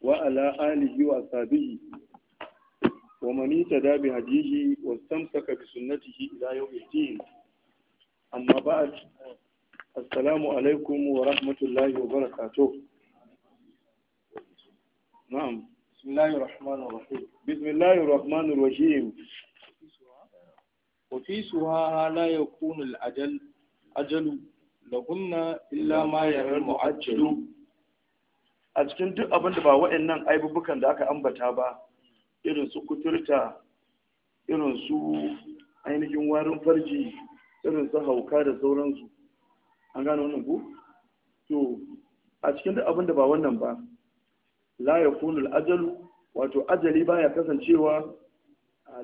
وعلى آله وأصحابه ومن اهتدى بهديه واستمسك بسنته إلى يوم الدين أما بعد السلام عليكم ورحمة الله وبركاته نعم بسم الله الرحمن الرحيم بسم الله الرحمن الرحيم وفي سها لا يكون الأجل أجل لهن إلا ما يرى المعجل a cikin duk abin da ba wa'annan aibubukan da aka ambata ba irin su kuturta irin su ainihin warin farji irin su hauka da sauransu an gano wannan ku to a cikin duk abin da ba wannan ba la yakunu al-ajalu wato ajali baya kasancewa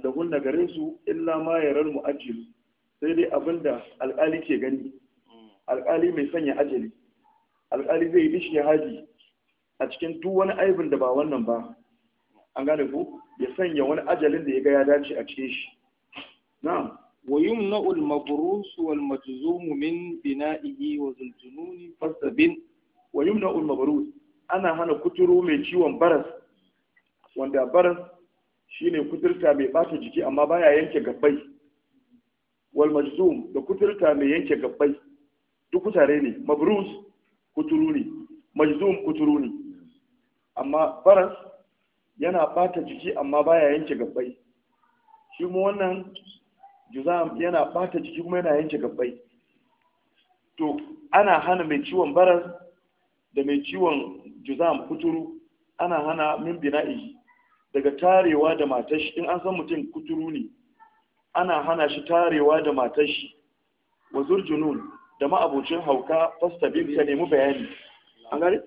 da hunna gare su illa ma yaral mu'ajjil sai dai abinda alƙali ke gani mm. alƙali mai sanya ajali alƙali zai yi shi haji a cikin duk wani aibin da ba wannan ba an gane ku ya sanya wani ajalin da ya ga ya dace a cikin shi na'am wa yumna'ul al-mabrus wal majzum min bina'ihi wa zuljunun fasabin wa yumna'ul al-mabrus ana hana kuturu mai ciwon baras wanda baras shine kuturta mai bata jiki amma baya yanke gabbai wal majzum da kuturta mai yanke gabbai duk kutare ne mabrus kuturu ne majzum kuturu ne amma baras yana bata jiki amma baya yanke gabbai shi mu wannan juzam yana bata jiki kuma yana yanke gabbai to ana hana mai ciwon baras da mai ciwon juzam kuturu ana hana min bina'i daga tarewa da matashi in an san mutum kuturu ne ana hana shi tarewa da matashi wa zurjunun da ma'abocin hauka fasta ka nemi bayani an gari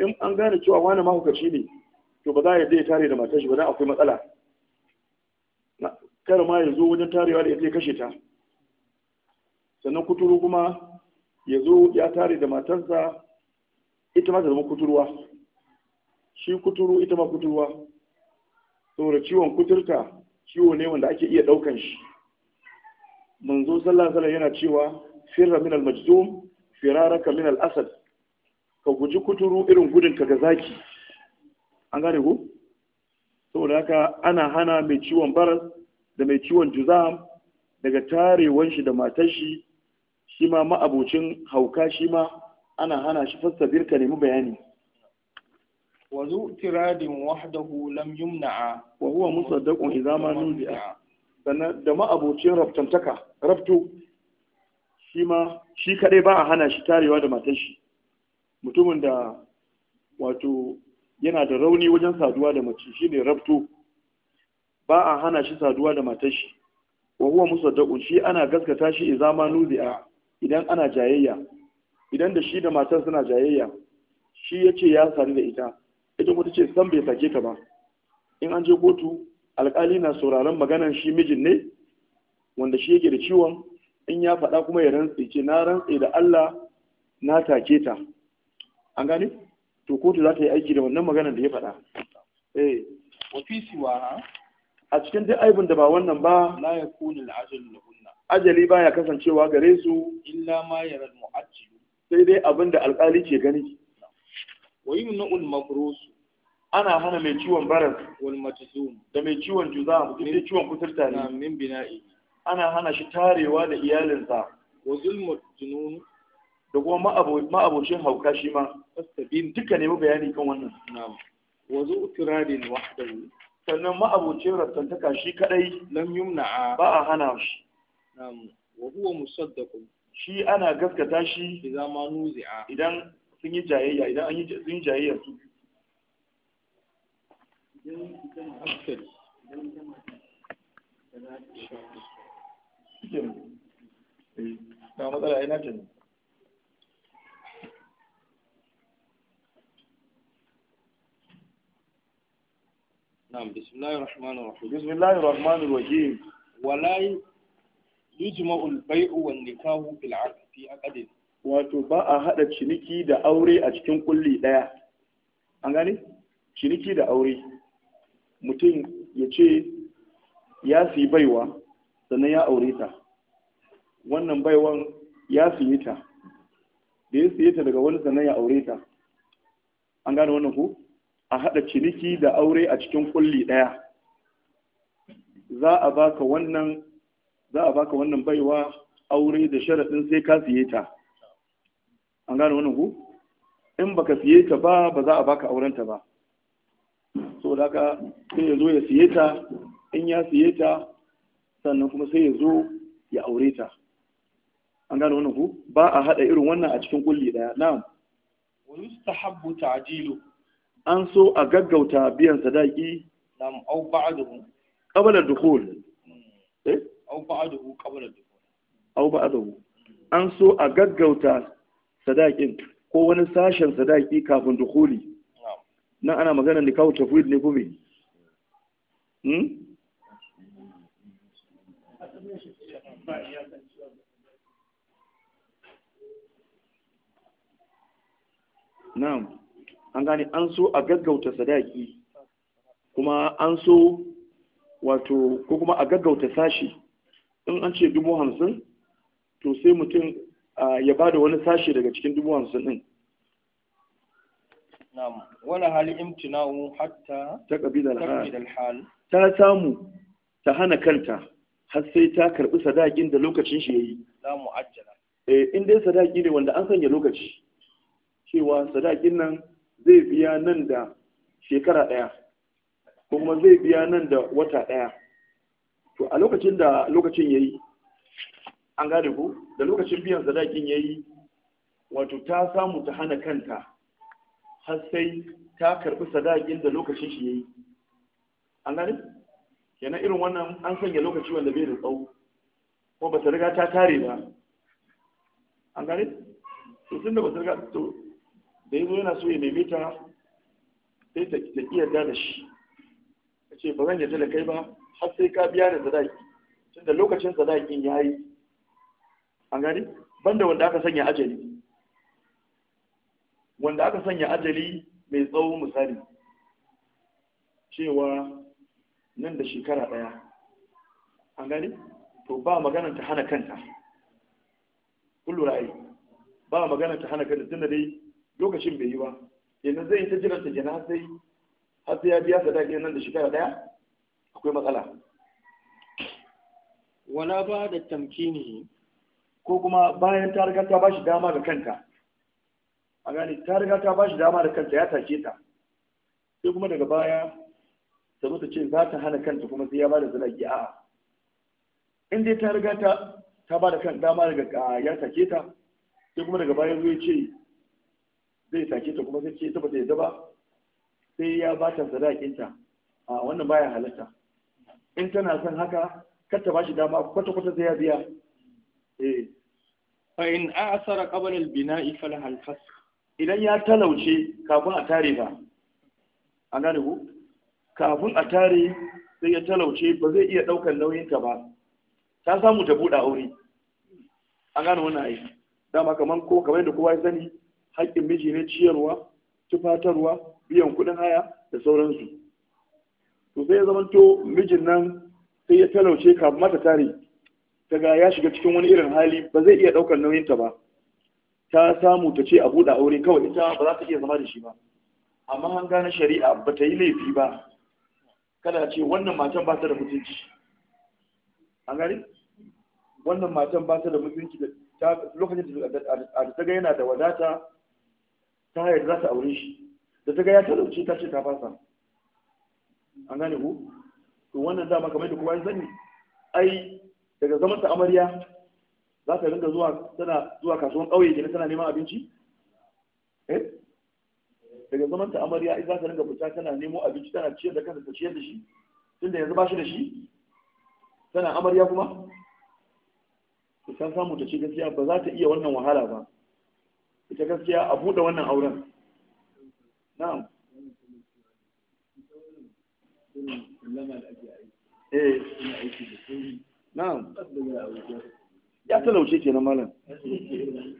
in an gane cewa wani mahaukaci ne to ba za a yadda ya tare da matar shi ba dan akwai matsala kar ma ya zo wajen tarewa da ya kashe ta sannan kuturu kuma ya zo ya tare da matarsa ita ma ta zama kuturuwa. shi kuturu ita ma kuturuwa. saboda ciwon kuturta ciwo ne wanda ake iya ɗaukan shi manzo sallah alaihi yana cewa firra min al-majzum firaraka min al-asad ka guji kuturu irin gudun ka ga zaki an gane ku saboda haka ana hana mai ciwon baras da mai ciwon juzam daga tarewan shi da matar shi shi ma ma'abocin hauka shi ma ana hana shi fassabir birka nemi bayani wazu tiradin wahdahu lam yumna'a wa huwa musaddaqun idza ma nudi'a sannan da ma'abocin raftantaka rafto shi ma shi kadai ba a hana shi tarewa da matar shi mutumin da wato yana da rauni wajen saduwa da mace shine rabto ba a hana shi saduwa da matar shi wa huwa musaddaqun shi ana gaskata shi idza ma nuzi'a idan ana jayayya idan da shi da matar suna jayayya shi yace ya sadu da ita ita kuma tace san bai sake ta ba in an je kotu alƙali na sauraron maganar shi mijin ne wanda shi yake da ciwon in ya faɗa kuma ya rantse ce na rantse da Allah na take ta an gane to kotu za ta yi aiki da wannan maganar da ya faɗa eh wa fi siwa a cikin duk aibin da ba wannan ba la yakunu al-ajal lahunna ajali baya kasancewa gare su illa ma yara al-mu'ajjil sai dai abin da alƙali ke gani wa yumnu al-mabrus ana hana mai ciwon baras wal matizum da mai ciwon juza da ciwon kusurta ne min bina'i ana hana shi tarewa da iyalinsa wa zulmu junun da kuma ma'abocin hauka shi ma fastabin duka ne bayani kan wannan na'am wa zu tiradin wahdahu sannan ma ma'abocin rattantaka shi kadai lam yumna ba a hana shi na'am wa huwa musaddaqun shi ana gaskata shi idan ma nuzi'a idan sun yi jayayya idan an yi sun jayayya su Na eh, matsala ina ce ne. نعم بسم الله الرحمن الرحيم بسم الله الرحمن الرحيم ولا يجمع البيع والنكاح بالعقد في عقد wato ba a haɗa ciniki da aure a cikin kulli daya an gane ciniki da aure mutum ya ce ya fi baiwa sannan ya aure ta wannan baiwan ya siye ta da ya siye ta daga wani sannan ya aure ta an gane wannan ku a haɗa ciniki da aure a cikin kulli ɗaya za a baka wannan za a baka wannan baiwa aure da sharaɗin sai ka siye ta an gane wannan ku in baka siye ta ba ba za a baka aurenta ba da ka sai ya zo ya siye ta in ya siye ta sannan kuma sai ya zo ya aure ta an gane wannan ku ba a haɗa irin wannan a cikin kulli ɗaya na'am wa yustahabbu ta'jilu an so a gaggauta biyan sadaki nam au ba'dahu qabla dukhul hmm. eh au ba'dahu qabla dukhul au ba'dahu an so a gaggauta sadakin ko wani sashen sadaki kafin dukhuli nan ana magana ne kawo tafwid ne ko me hmm na'am an gane an so a gaggauta sadaki kuma an so wato ko kuma a gaggauta sashi in an ce dubu hamsin to sai mutum ya ba da wani sashi daga cikin dubu hamsin din wani hali imtina'u hatta ta ƙabidar hal ta samu ta hana kanta har sai ta karɓi sadakin da lokacin shi ya yi eh, in dai sadaki ne wanda an sanya lokaci cewa sadakin nan zai biya nan da shekara ɗaya ko kuma zai biya nan da wata ɗaya to a lokacin da lokacin ya yi an gane ku da lokacin biyan sadakin ya yi wato ta samu ta hana kanta har sai ta karɓi sadakin da lokacin shi ya yi an gane kenan irin wannan an sanya lokaci wanda bai da tsawo ko ba ta riga ta tare ba an gane to tun da ba ta riga to da yazo yana so ya neme ta sai ta ki yarda da shi ce ba zan yarda da kai ba har sai ka biya da sadaki tunda lokacin zadakin ya yi an gani banda wanda aka sanya ajali wanda aka sanya ajali mai tsawo misali cewa nan da shekara ɗaya an gani to ba maganar ta hana kanta kullu ra'ayi ba maganar ta hana kanta da dai lokacin bai yi ba yanzu zai yi ta jiran ta jana sai har sai ya biya dakin nan da shekara daya akwai matsala wala ba da tamkini ko kuma bayan ta riga ta ba shi dama da kanta a gani ta riga ta ba shi dama da kanta ya take ta sai kuma daga baya ta mutu ce za ta hana kanta kuma sai ya ba da zalagi a'a in dai ta riga ta ta ba da kan dama daga ya take ta sai kuma daga baya zai ya ce zai sake ta kuma zai ce ita ba ta yadda ba sai ya ba ta sadakinta a wannan baya halatta in tana son haka kar ta bashi dama kwata kwata zai ya biya eh fa in a'sara qabla al-bina'i falah al-fasq idan ya talauce kafin a tare ba an gane ku kafin a tare sai ya talauce ba zai iya daukar nauyin ka ba ta samu ta buɗe aure an gane wannan aiki dama kamar ko kamar da kowa ya sani haƙƙin miji na ciyarwa tufatarwa biyan kuɗin haya da sauransu to sai ya zamanto mijin nan sai ya talauce kafin mata tare daga ya shiga cikin wani irin hali ba zai iya ɗaukar nauyinta ba ta samu ta ce a buɗe aure kawai ita ba za ta iya zama da shi ba amma an gane shari'a ba ta yi laifi ba kada ce wannan matan ba ta da mutunci an gani wannan matan ba ta da mutunci lokacin da ta ga yana da wadata ta hayar za ta aure shi da ta ga ya talauce ta ce ta fasa an gane ku to wannan dama kamar da kowa ya sani ai daga zaman ta amarya za ta ringa zuwa tana zuwa kasuwan ƙauye kenan tana neman abinci eh daga zaman ta amarya ai za ta ringa fita tana nemo abinci tana ciyar da kanta ta ciyar da shi tunda yanzu ba shi da shi tana amarya kuma ta samu ta ce gaskiya ba za ta iya wannan wahala ba ita gaskiya a buɗe wannan auren na'am eh. ya talauce kenan malam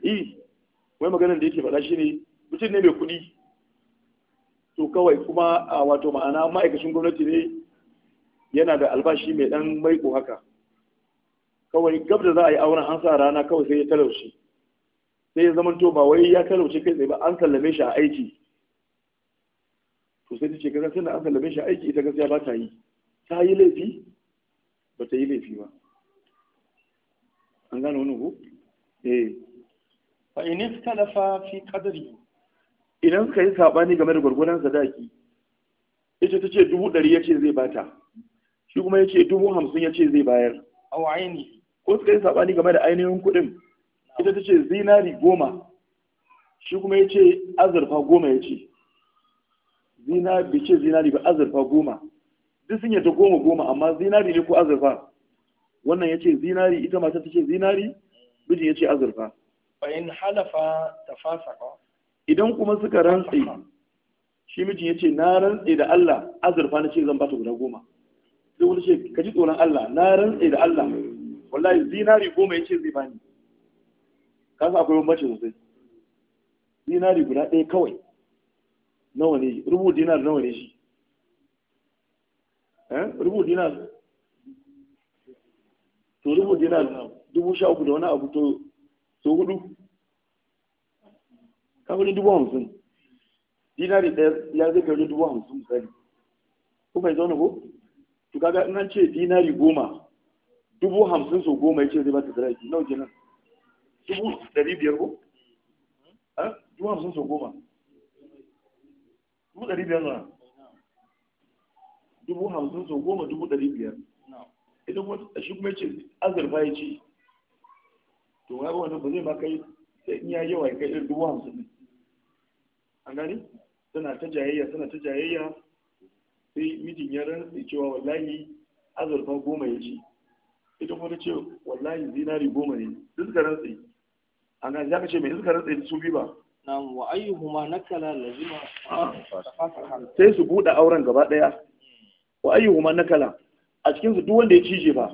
eh wai maganar da yake faɗa shi ne mutum ne mai kuɗi to kawai kuma a wato ma'ana ma'aikacin gwamnati ne yana da albashi mai ɗan maiko haka kawai gab za a yi auren an sa rana kawai sai ya talauce sai ya zama to ba wai ya talauce kai tsaye ba an sallame shi a aiki to sai ce kaga tunda an sallame shi a aiki ita gaskiya ba ta yi ta yi laifi ba ta yi laifi ba an gane wani ku? eh fa in iskalafa fi qadri idan suka yi sabani game da gurgurdan sadaki ita ta ce dubu ɗari ya ce zai bata shi kuma ya ce dubu hamsin ya ce zai bayar a aini ko suka yi sabani game da ainihin kuɗin ita ta ce zinari goma shi kuma ya ce azurfa goma ya ce bai ce zinari ba azurfa goma duk sun yadda goma goma amma zinari ne ko azurfa wannan ya ce zinari ita mata ta ce zinari bijin ya ce azurfa bayan halafa ta fasa idan kuma suka rantse shi mijin ya ce na rantse da Allah azurfa na ce zan bata guda goma sai wani ce ka ji tsoron Allah na rantse da Allah wallahi zinari goma ya ce zai bani kasa akwai bambanci sosai dinari guda ɗaya kawai nawa ne rubu dinar nawa ne shi eh? rubu dinar to rubu dinar dubu sha uku da wani abu to so hudu kamar dubu hamsin dinari ɗaya ya zai karbi dubu hamsin misali ko bai zaune ko to kaga in an ce dinari goma dubu hamsin so goma ya ce zai ba ta sarari nawa kenan dubu ɗari biyar ko? dubu hamsin sau goma dubu biyar dubu hamsin sau goma dubu biyar kuma azurfa ya ce to ga ba zai kai sai in ya yawa kai irin dubu hamsin ne an gani suna ta jayayya suna ta jayayya sai mijin ya rantsa cewa wallahi azurfa goma ya ce ita kuma ta ce wallahi zinari goma ne duk ga rantsa an gani zaka ce mai suka rantse su bi ba Na wa ayyuhuma nakala lazima sai su buɗe auren gaba ɗaya wa ayyuhuma nakala a cikin su duk wanda ya cije ba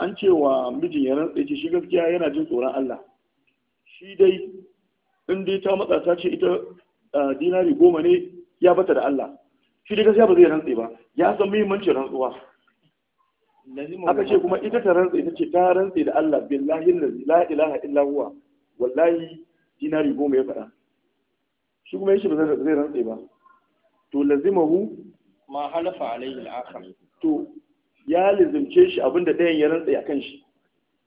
an ce wa mijin ya rantse ce shi gaskiya yana jin tsoron Allah shi dai in dai ta matsa ta ce ita dinari goma ne ya bata da Allah shi dai gaskiya ba zai rantse ba ya san muhimmancin rantsuwa aka ce kuma ita ta rantsa ita ce ta rantsa da Allah billahi allazi la ilaha illa huwa wallahi dinari goma ya faɗa shi kuma yashi ba zai rantsa ba to lazimahu ma halafa alaihi al to ya lizimce shi abinda ɗayan ya rantsa akan shi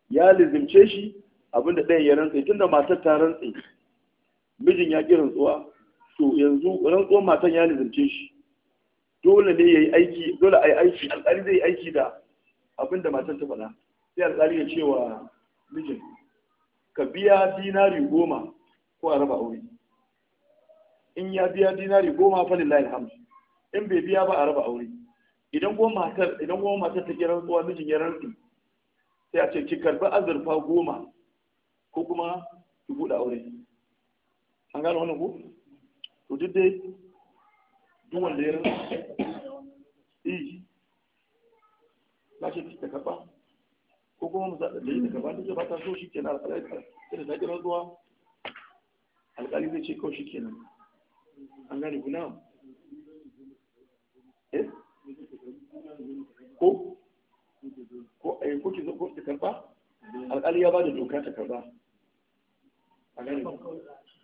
ya lizimce shi abinda ɗayan ya rantsa tunda matar ta rantsa mijin ya ki rantsuwa to yanzu rantsuwar matan ya lizimce shi dole ne yayi aiki dole ai aiki alƙali zai aiki da abinda matan ta faɗa sai alƙali ya ce wa mijin ka biya dinari goma ko a raba aure in ya biya dinari goma fa lillahi alhamdu in bai biya ba a raba aure idan goma matar idan goma matar ta kira tsuwa mijin ya rantsi sai a ce ki karba azurfa goma ko kuma ki buɗe aure an gano wannan ko to duk dai duk wanda ya rantsi eh, na ce ta karba ko kuma mu zaɓa da yi ta karba ta ba ta so shi kenan alƙalai ta ta ta jira zuwa alƙali zai ce ko shi kenan an gane guna? eh ko ko ai eh, ko ki zo ko ta karba alƙali ya ba da doka ta karba a gane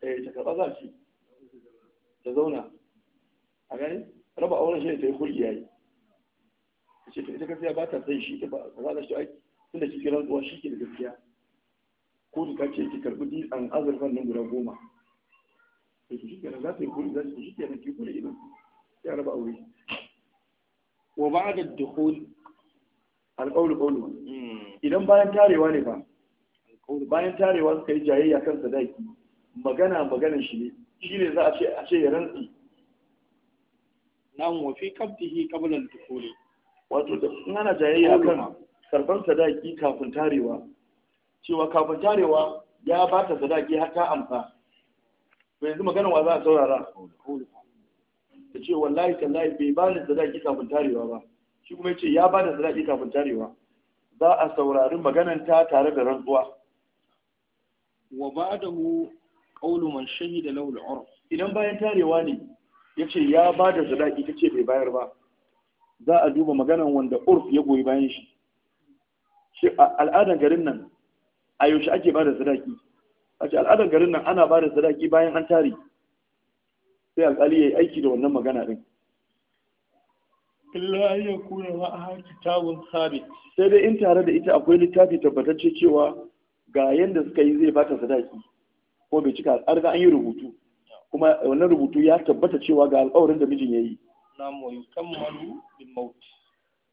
eh ta karba za ki ta zauna a gane raba auren shi ne ta yi hulɗi yayi ce to ita gaskiya ba ta san shi ta ba za ta shi aiki tunda kike rantsuwa shi ke da gaskiya kotu ta ce ki karbi dutsen azurfan nan guda goma to shi kenan za ta yi kuri za ta shi kenan ki kuri idan ya raba aure wa ba'da dukhul alqawlu qawlu idan bayan tarewa ne fa bayan tarewa suka yi jayayya kan sadaki magana magana shi ne shi ne za a ce a ce ya rantsi nan wa fi qabdihi qabla wato da sun ana jayayya akan karban sadaki kafin tarewa cewa kafin tarewa ya ba ta sadaki har ta amsa to yanzu maganar wa za a saurara ta ce wallahi tallahi bai ba ni sadaki kafin tarewa ba shi kuma ce ya ba da sadaki kafin tarewa za a saurari maganan ta tare da rantsuwa wa mu qawlu man shahida lahu da urf idan bayan tarewa ne yace ya ba da sadaki tace bai bayar ba za a duba maganan wanda urf ya goyi bayan shi shi al'adan garin nan a yaushe ake ba da sadaki a ce al'adan garin nan ana ba da sadaki bayan an tare sai alƙali ya yi aiki da wannan magana ɗin sai dai in tare da ita akwai littafi tabbatacce cewa ga yadda suka yi zai bata sadaki ko bai cika an an yi rubutu kuma wannan rubutu ya tabbata cewa ga alƙawarin da mijin ya yi bil maut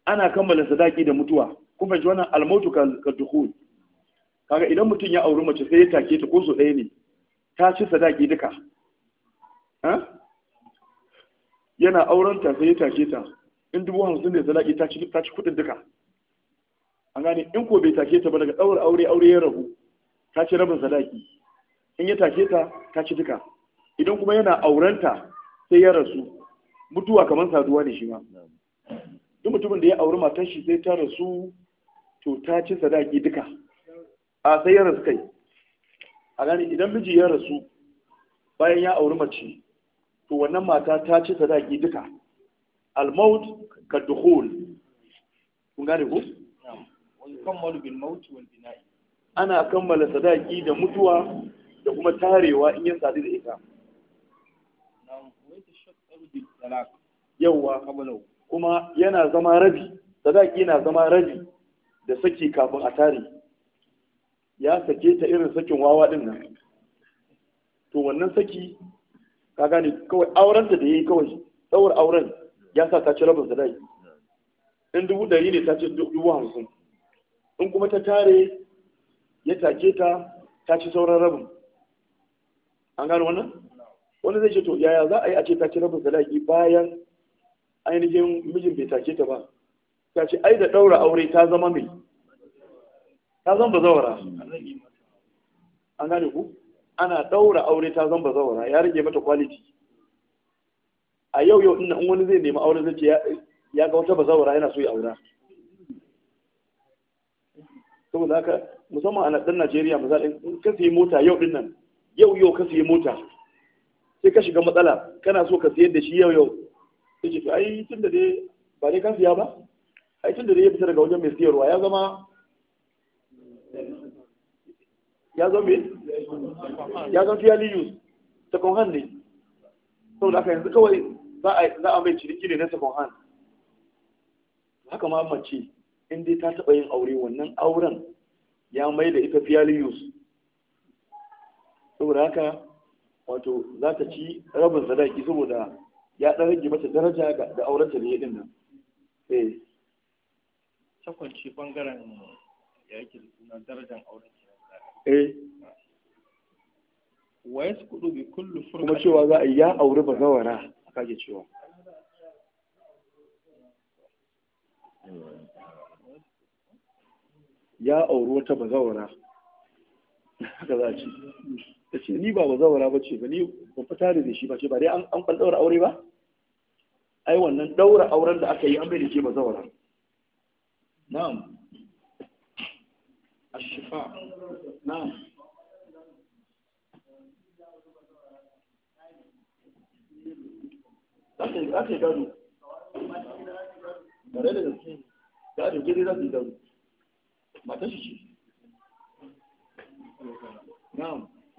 ana kammala sadaki da mutuwa kun fahimci wannan al mautu ka dukhul kaga idan mutum ya auri mace sai ya take ta ko so ɗaya ne ta ci sadaki duka yana auren ta sai ya take ta in dubu hamsin ne sadaki ta ci ta ci kuɗin duka an gane in ko bai take ta ba daga ɗaura aure aure ya rabu ta ci rabin sadaki in ya take ta ta ci duka idan kuma yana aurenta sai ya rasu mutuwa kamar saduwa ne shi ma duk mutumin da ya auri matan shi sai ta rasu to ta ci sadaki duka a sai ya rasu kai a gani idan miji ya rasu bayan ya auri mace to wannan mata ta ci sadaki duka al-maut ka dukhul kun gane ko yukammalu bil maut wal bina'i ana kammala sadaki da mutuwa da kuma tarewa in ya sadu da ita nisbi talaq yawa qablahu kuma yana zama rabi sadaki yana zama rabi da saki kafin a tare ya sake ta irin sakin wawa din nan to wannan saki ka gane kawai auren da yayi kawai tsawar auren ya sa ta ci rabin sadaki in dubu ɗari ne ta ci dubu hamsin in kuma ta tare ya take ta ta ci sauran rabin an gano wannan wani zai ce to yaya za a yi a ce ta ci rabin sadaki bayan ainihin mijin bai take ta ba ta ce ai da ɗaura aure ta zama mai ta zama bazawara an gane ku ana ɗaura aure ta zama bazawara ya rage mata kwaliti a yau yau in wani zai nemi aure zai ce ya ga wata bazawara yana so ya aura saboda haka musamman a ɗan Najeriya misali in ka sayi mota yau ɗin nan yau yau ka sayi mota sai ka shiga matsala kana so ka siyar da shi yau yau sai ce to ai tun da dai ba dai kan siya ba ai tun da dai ya fita daga wajen mai siyarwa ya zama ya zama me ya zama fiyali yus second hand ne saboda haka yanzu kawai za a mai ciniki ne na second hand haka ma mace in dai ta taɓa yin aure wannan auren ya mai da ita fiyali yus saboda haka wato za ta ci rabin sadaki saboda ya ɗan rage mata daraja da aurata ne yadda nan eh sakwanci bangaren ya yake da suna darajar auren eh wa yasqudu bi kullu furka. kuma cewa za a ya auri bazawara a kage cewa ya auri wata bazawara haka za a ce ta ce ni ba bazawara ba ce ba ni ba fita da shi ba ce ba dai an ban daura aure ba ai wannan daura auren da aka yi an bai da ke bazawara na'am ashifa na'am za ta yi gado tare da gaske gado gidi za ta yi gado matashi ce na'am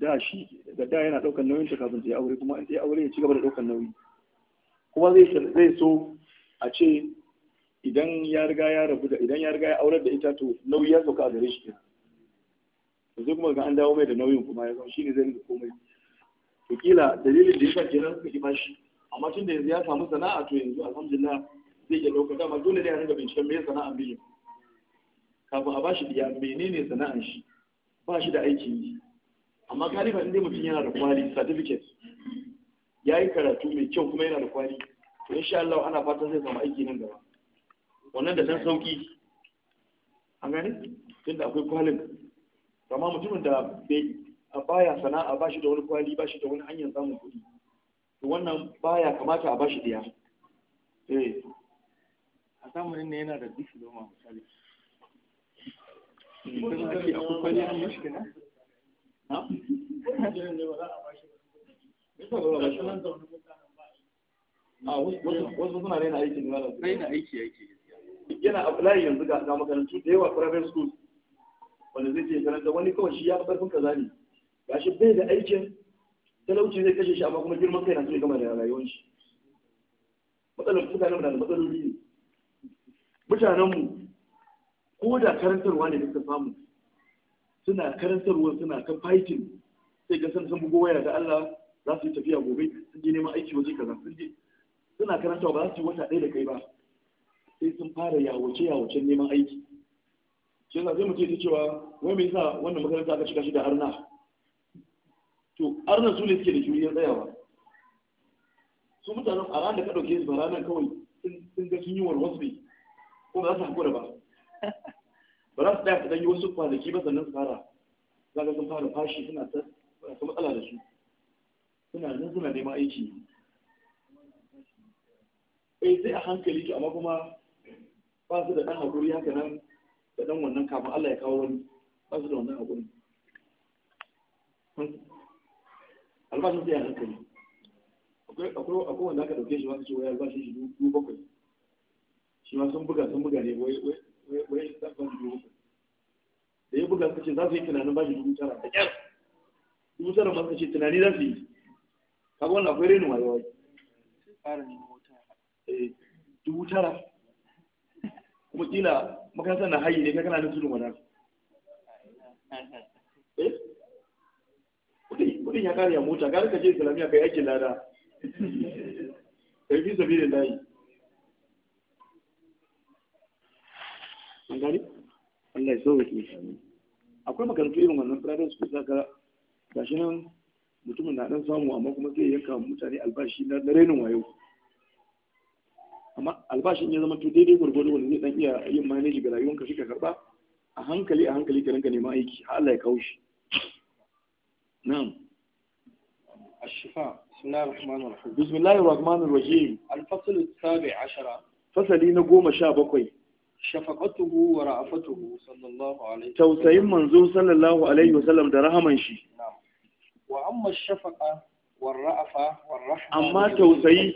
da shi da da yana ɗaukar nauyin ta kafin ta yi aure kuma in ta yi aure ya ci gaba da ɗaukar nauyi kuma zai so a ce idan ya riga ya rabu da idan ya riga ya aurar da ita to nauyi ya sauka a gare shi to zai kuma ga an dawo mai da nauyin kuma ya zo shine zai rinka komai to kila dalilin da yasa kenan suka ki bashi amma tun da yanzu ya samu sana'a to yanzu alhamdulillah zai iya ɗaukar dama dole ne ya riga binciken me sana'a biyu kafin a bashi diya menene sana'an shi ba shi da aikin yi amma galiba inda mutum yana da kwali certificate ya yi karatu mai kyau kuma yana da kwali to sha Allah ana fatan zai samu aiki nan gaba wannan da san sauki an gane da akwai kwalin amma mutumin da bai a baya sana'a ba shi da wani kwali ba shi da wani hanyar samun kuɗi to wannan baya kamata a ba shi ɗaya eh a zamanin ne yana da diploma misali. Mutum da ake akwai kwali an mashi kenan? wasu suna raina aiki aiki aiki yana apply yanzu ga ga makarantu da yawa private schools wanda zai ce karanta wani kawai shi ya karfin kaza ne gashi bai da aikin talauci zai kashe shi amma kuma girman kai na so ya gama da rayuwar shi matsalar na da matsaloli ne Mutanenmu ko da karantarwa ne da suka samu suna karantarwa suna ta fighting sai ga san san bugo waya da Allah za su yi tafiya gobe sun je neman aiki waje kaza sun je suna karantawa ba za su yi wata ɗaya da kai ba sai sun fara yawace yawace neman aiki shi yasa sai mutum ya cewa wai me yasa wannan makaranta aka shiga shi da arna to arna su ne suke da juriyar tsayawa su mutanen a ranar da ka ɗauke su ba ranar kawai sun ga sun yi warwatsu ne ko ba za su haƙura ba ba za su tsaya su yi wasu kwanaki ba sannan fara za ka sun fara fashi suna ta matsala da su suna nan suna neman aiki eh sai a hankali to amma kuma ba su da ɗan haƙuri haka nan da ɗan wannan kafin Allah ya kawo wani ba su da wannan haƙuri hmm. albashin sai a hankali akwai wanda aka dauke shi ma su ce wai albashin shi dubu bakwai shi ma sun buga sun buga ne wai wa ya zaɓa dubu da ya buga suka za su yi tunanin ba shi dubu tara da ƙyar dubu tara ma suka tunani za su yi kaga wannan akwai renin wayewa eh, dubu tara kuma kila makarantar na hayi ne kai kana da tudun wadar eh? kudin ya kare mota kare ka je ka yi aikin lada kai fi sabi da layi an gani Allah ya sauke akwai makarantu irin wannan private school zaka gashi nan mutumin na dan samu amma kuma zai yanka mutane albashi na renin wayo amma albashin ya zama to daidai gwargwado wanda zai dan iya yin manage ga rayuwar ka shi ka karba a hankali a hankali ka ranka neman aiki Allah ya kawo shi na'am الشفاء بسم الله الرحمن الرحيم بسم الله الرحمن الرحيم الفصل السابع عشر فصلي نقوم شابقي shafaqatuhu wa ra'afatuhu sallallahu alaihi tausayin manzo sallallahu alaihi wasallam da rahaman shi wa amma shafaqa ra'afa rahma amma tausayi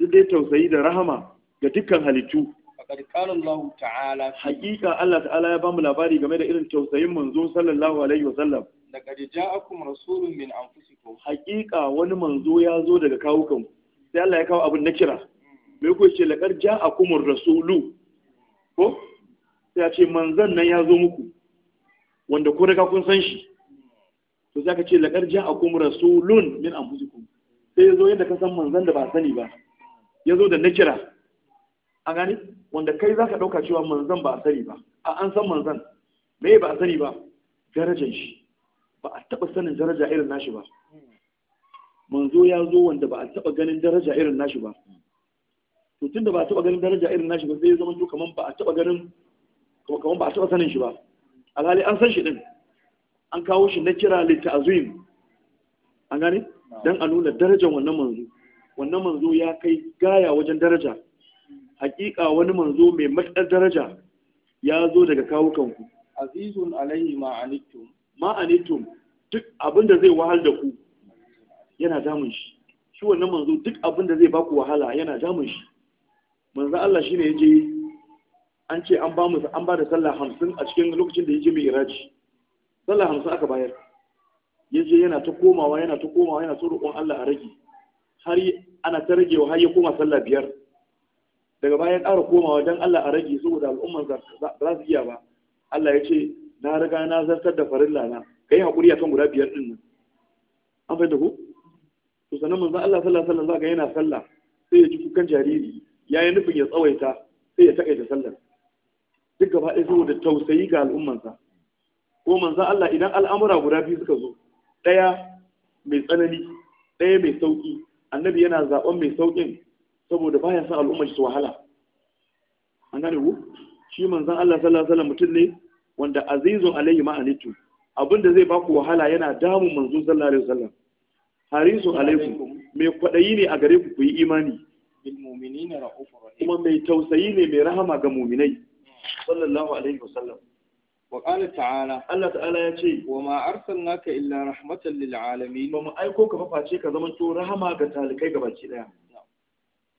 dai tausayi da rahama ga dukkan halittu Hakika Allah ta'ala ya bamu labari game da irin tausayin manzo sallallahu alaihi wasallam. Laqad ja'akum rasulun min anfusikum. Hakika wani manzo ya zo daga kawukan. Sai Allah ya kawo abin na kira. Hmm. Me yake ce laqad ja'akum rasulu ko sai a ce manzan nan ya zo muku wanda ku riga kun san shi to sai ka ce laqad ja'akum rasulun min anfusikum sai ya zo yadda ka san manzan da ba sani ba ya zo da nakira a gani wanda kai zaka dauka cewa manzan ba sani ba a an san manzan me ba sani ba darajar shi ba a taba sanin daraja irin nashi ba manzo ya zo wanda ba a taba ganin daraja irin nashi ba to da ba a taba ganin daraja irin nashi ba zai zama kaman ba a taba ganin kaman ba a taba sanin shi ba alhali an san shi din an kawo shi na kira lita azuim an gane dan a nuna darajar wannan manzo wannan manzo ya kai gaya wajen daraja hakika wani manzo mai matsar daraja ya zo daga kawukan ku azizun alaihi ma'anitum ma'anitum duk abin da zai wahal da ku yana damun shi shi wannan manzo duk abin da zai baku wahala yana damun shi manzo Allah shine yaje an ce an ba mu an ba da sallah hamsin a cikin lokacin da yaje mai iraji sallah hamsin aka bayar yaje yana ta komawa yana ta komawa yana ta roƙon Allah a rage har ana ta ragewa har ya koma sallah biyar daga bayan ƙara komawa don Allah a rage saboda al'umman za su iya ba Allah ya ce na riga na zartar da farilla na ka yi haƙuri a kan guda biyar din nan an fahimta ku to sanan manzo Allah sallah sallah za ka yana sallah sai ya ji kukan jariri ya yi nufin ya tsawaita sai ya takaita sallar duk gaba ɗaya saboda tausayi ga al'ummansa ko manzan Allah idan al'amura guda biyu suka zo ɗaya mai tsanani ɗaya mai sauƙi annabi yana zaɓen mai sauƙin saboda ba ya son al'ummar su wahala an gane ku shi manzan Allah sallallahu alaihi wasallam mutum ne wanda azizun alaihi ma'anitu abinda zai baku wahala yana damun manzon sallallahu alaihi wasallam harisun alaikum mai kwaɗayi ne a gare ku ku yi imani kuma mai tausayi ne mai rahama ga muminai sallallahu alaihi wasallam wa qala ta'ala Allah ta'ala ya ce wa ma arsalnaka illa rahmatan lil alamin ba mu aiko ka face ka zama to rahama ga talikai gabaki daya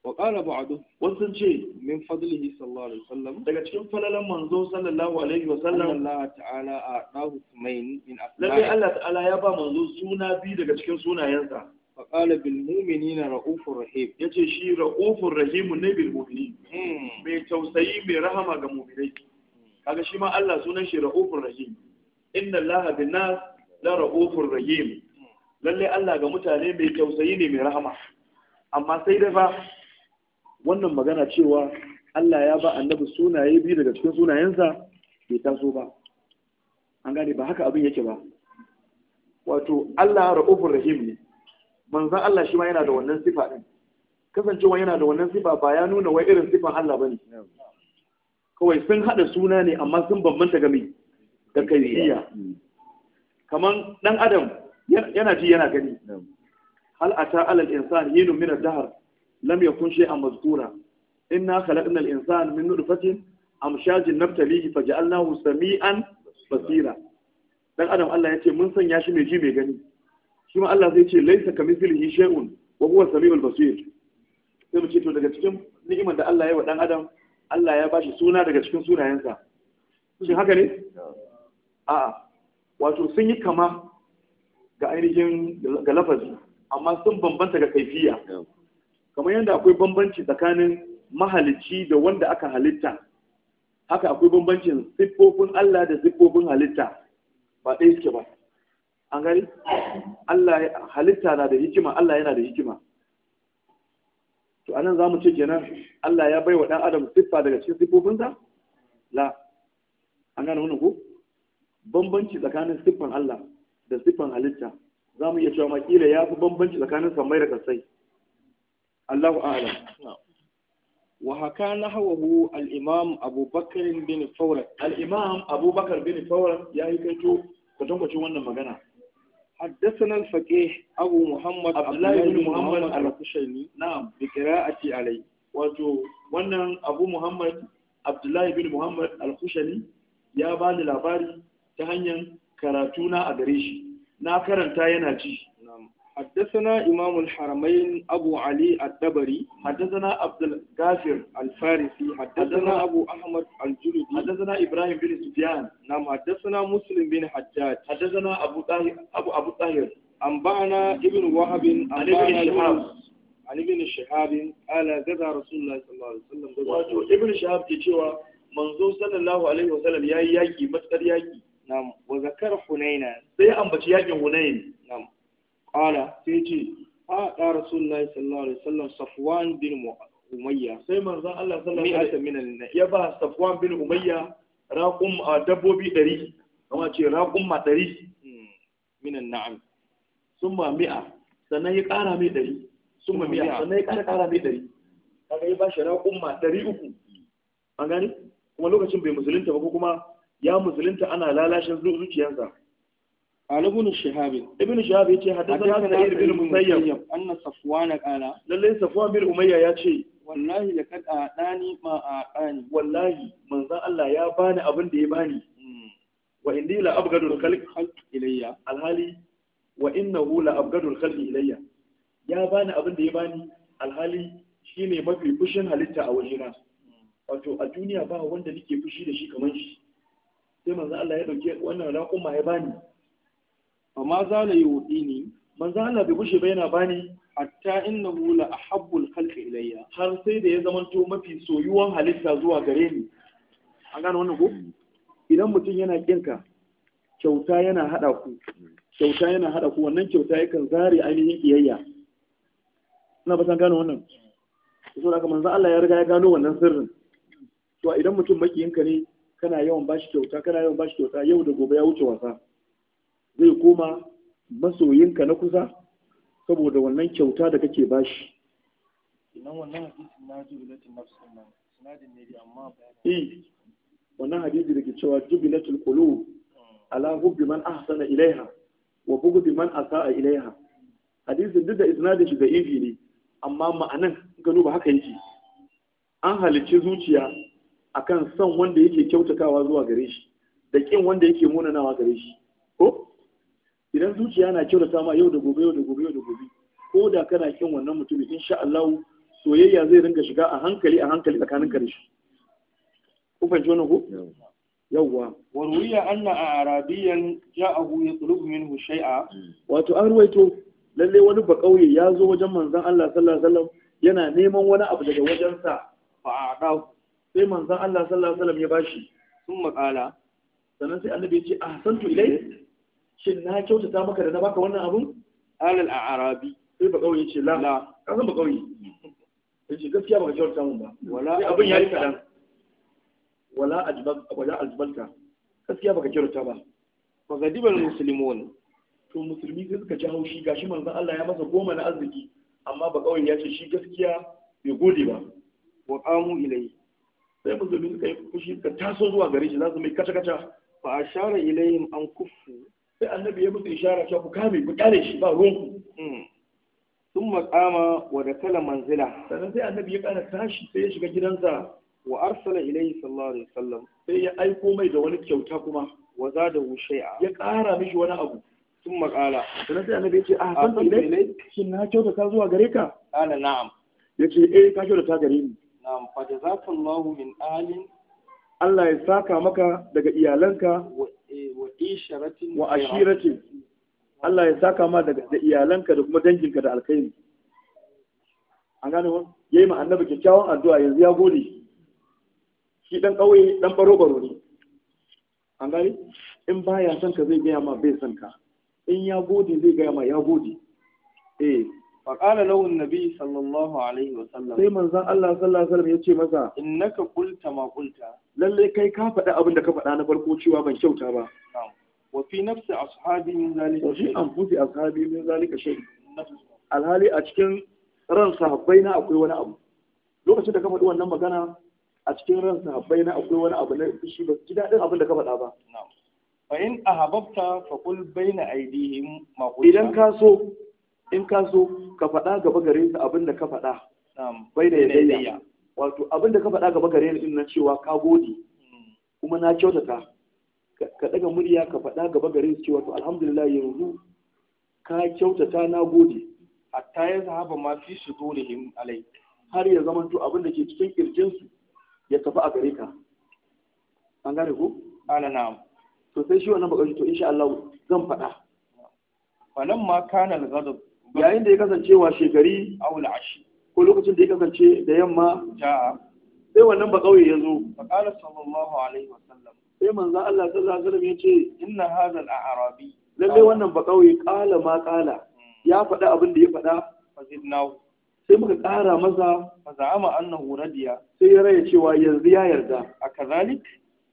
wa qala ba'du wasu ce min fadlihi sallallahu alaihi wasallam daga cikin falalan manzo sallallahu alaihi wasallam Allah ta'ala a dahu sumain min aflaq Allah ta'ala ya ba manzo suna biyu daga cikin sunayensa faƙala bil mumini na ra'ufur rahim ya ce shi ra'ufur rahimun ne bil mumini mai tausayi mai rahama ga muminai kaga shi ma Allah sunan shi ra'ufur rahim inna Allah bin nas la ra'ufur rahim lalle Allah ga mutane mai tausayi ne mai rahama amma sai dai fa wannan magana cewa Allah ya ba annabi sunaye biyu daga cikin sunayensa bai taso ba an gane ba haka abin yake ba wato Allah ra'ufur rahim ne manzan Allah shi ma yana da wannan sifa din kasancewa yana da wannan sifa ba ya nuna wai irin sifan Allah bane kawai sun hada suna ne amma sun bambanta ga me da kaifiya kaman dan adam yana ji yana gani hal ata alal insan yinu min ad-dahr lam yakun shay'an mazkura inna khalaqna al-insana min nutfatin amshajin nabtalihi faj'alnahu sami'an basira dan adam Allah ce mun sanya shi mai ji mai gani shi ma Allah zai ce laisa kamithlihi shay'un wa huwa samiul basir sai mu ce to daga cikin ni'imar da Allah ya wa dan adam Allah ya bashi suna daga cikin sunayensa shin haka ne a'a wato sun yi kama ga ainihin ga lafazi amma sun bambanta ga kaifiya kamar yadda akwai bambanci tsakanin mahalicci da wanda aka halitta haka akwai bambancin siffofin Allah da siffofin halitta ba ɗaya suke ba an gani Allah halitta na da hikima Allah yana da hikima to anan zamu ce kenan Allah ya bai wa dan adam siffa daga cikin siffofinsa la an gane wannan ko bambanci tsakanin siffan Allah da siffan halitta zamu iya cewa makila ya fi bambanci tsakanin sammai da kasai Allahu a'lam wa haka nahwahu al-imam Abu Bakr bin Fawran al-imam Abu Bakr bin Fawran ya yi kaito kwatankwacin wannan magana حدثنا الفقيه أبو محمد عبد الله بن محمد الخشيمي نعم بقراءتي عليه wato wannan abu muhammad abdullahi bin muhammad al ya bani labari ta hanyar karatuna a gare na karanta yana ji حدثنا إمام الحرمين أبو علي الدبري حدثنا عبد الغافر الفارسي حدثنا أبو أحمد الجلدي حدثنا إبراهيم بن سفيان نعم حدثنا مسلم بن حجاج حدثنا أبو طاهر أبو أبو طاهر أنبأنا ابن وهب عن ابن شهاب عن ابن شهاب قال غزا رسول الله صلى الله عليه وسلم واتو ابن شهاب تشوا منزو صلى الله عليه وسلم يا ياكي مسكر ياكي نعم وذكر حنينا سي أنبت ياكي حنين نعم qala sai ce a da rasulullahi sallallahu alaihi wasallam safwan bin umayya sai manzon Allah sallallahu alaihi wasallam ya ba safwan bin umayya raqum dabbobi 100 kamar ce raqum ma 100 minan na'am summa mi'a sannan ya ƙara mai 100 summa mi'a sannan ya ƙara mai 100 kaga ya ba shi raqum ma 300 an gani kuma lokacin bai musulunta ba ko kuma ya musulunta ana lalashin zuciyarsa قال ابن شهاب ابن شهاب يتي حدثنا سعيد بن مسيب ان صفوان قال لله صفوان بن اميه ياتي wallahi da kad a dani ma a dani wallahi manzon Allah ya bani abin da ya bani wa inni la abgadul khalq ilayya alhali wa innahu la abgadul khalq ilayya ya bani da ya bani alhali shine mafi fushin halitta a wajena wato a duniya ba wanda nake fushi da shi kamar shi sai manzon Allah ya dauke wannan raƙuma ya bani fa ma zala yudini manzo Allah bai bushe ba yana bani hatta hula a habbul halka ilayya har sai da ya zamanto mafi soyuwan halitta zuwa gare ni an gano wannan ko idan mutum yana kinka kyauta yana hada ku kyauta yana hada ku wannan kyauta yakan zare ainihin iyayya. ina ba san gano wannan so da manzo Allah ya riga ya gano wannan sirrin to idan mutum makiyinka ne kana yawan bashi kyauta kana yawan bashi kyauta yau da gobe ya wuce wasa zai koma masoyinka na kusa saboda wannan kyauta da kake bashi idan wannan hadisin na jubilatin nafsin na sinadin ne bi amma bayanin eh, wannan hadisi da ke cewa jubilatul qulub ala hubbi man ahsana ilaiha wa bughdi man asaa ilaiha hadisin duk da isnadin shi da ifi ne amma ma'anan gano ba haka yake an halicci zuciya akan son wanda yake kyautatawa zuwa gare shi da kin wanda yake munanawa gare shi ko idan zuciya na kyau da sama yau da gobe yau da gobe yau da gobe ko da kana kin wannan mutumin insha Allah soyayya zai ringa shiga a hankali a hankali tsakanin ka da shi ku fahimci wannan ko yawwa wa ruwiya anna arabiyan ja'ahu yatlubu minhu shay'a hmm. wato an ruwaito lalle wani ba kauye ya zo wajen manzon Allah sallallahu alaihi wasallam yana neman wani abu daga wajensa fa a'da sai manzon Allah sallallahu alaihi wasallam ya bashi sun makala sannan sai annabi ya ce ahsantu ilayhi shin na kyautata maka da na baka wannan abun alal arabi sai ba kauye ce la ka san ba kauye sai ce gaskiya baka kyautata mun ba wala abin yayi kadan wala wala ajbalta gaskiya baka kyautata ba fa gadibal muslimun to musulmi sai suka ci haushi gashi manzon Allah ya masa goma na arziki amma ba kauye ya ce shi gaskiya bai gode ba wa qamu ilayhi sai musulmi suka yi fushi suka taso zuwa gare shi za su mai kaca kaca fa ashara ilayhim an kuffu sai annabi ya musu isharar cewa ku kame ku kare shi ba ruwanku sun hmm. makama wa da kala manzila sannan sai annabi ya kara tashi sai ya shiga gidansa wa arsala ilayhi sallallahu alaihi wasallam sai ya aiko mai da wani kyauta kuma wa zada shay'a ya kara mishi wani abu sun makala sannan sai annabi ya ce a san tambaye shin na kyauta ka zuwa gare ka ala na'am yace eh ka kyauta ta gare ni na'am fa jazakallahu min alin Allah ya saka maka daga iyalanka wa e, ashirati Allah ya saka ma daga da iyalanka da kuma danginka da alkhairi an gane wa yayi ma annabi kyakkyawan addu'a yanzu ya gode shi dan kauye dan baro baro ne an gane in baya son ka zai gaya ma bai son ka in ya gode zai gaya ma ya gode eh فقال له النبي صلى الله عليه وسلم sai manzon Allah sallallahu ya ce yace masa innaka qulta ma qulta lalle kai ka faɗi abin da ka faɗa na farko cewa ban kyauta ba wa fi nafsi ashabi min zalika shay an fusi alhali a cikin ran sahabbai akwai wani abu lokacin da ka faɗi wannan magana a cikin ran sahabbai akwai wani abu na shi ba ji daɗin abin da ka faɗa ba fa in ahabbta fa qul baina aydihim ma idan ka so in ka so ka faɗa gaba gare su abin da ka faɗa bai da yadda wato abin da ka faɗa gaba gare su na cewa ka gode hmm. kuma na kyautata ka ɗaga murya ka faɗa gaba gare su cewa to alhamdulillah yanzu ka kyautata na gode hatta ya sahaba ma fi su dorihim alai har ya zama to abin da ke cikin kirjin su ya tafi a gare ka an gane ko ana na. to sai shi wannan bakashi to insha Allah zan faɗa ma kana al-ghadab yayin da ya kasance wa shekari a wula ashi ko lokacin da ya kasance da yamma ja'a sai wannan ba kauye ya zo ba qala sallallahu alaihi wasallam sai manzo Allah sallallahu alaihi wasallam ce inna hadha al-a'rabi lalle wannan ba kauye kala ma kala hmm. ya faɗa abin da ya faɗa fazidnahu sai muka ƙara maza faza'ama annahu radiya sai ya raya cewa yanzu ya yarda a kazalik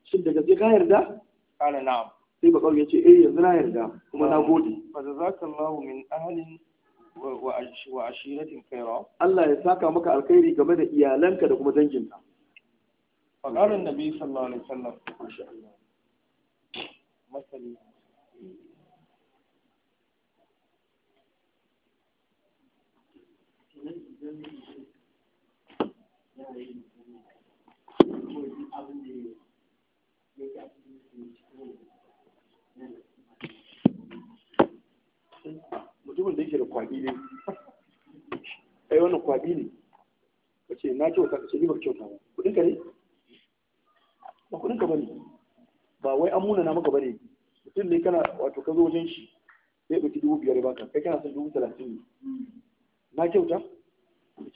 shin daga zai ka yarda kala na'am sai ba kauye yace eh yanzu na yarda kuma na gode fa jazakallahu min ahlin wa ashiratin kaira. Allah ya saka maka alkhairi game da iyalanka da kuma danginka فقال Nabi sallallahu Alaihi عليه Masha Allah. شاء Thank you. mutumin da yake da kwaɗi ne ai wannan kwaɗi ne ka ce na kyauta ka ce ni ba kyauta ba kuɗin ka ne ba kuɗin ka bane ba wai an muna na maka bane mutum ne kana wato ka zo wajen shi sai ɗauki dubu biyar ba ka kai kana son dubu talatin ne na kyauta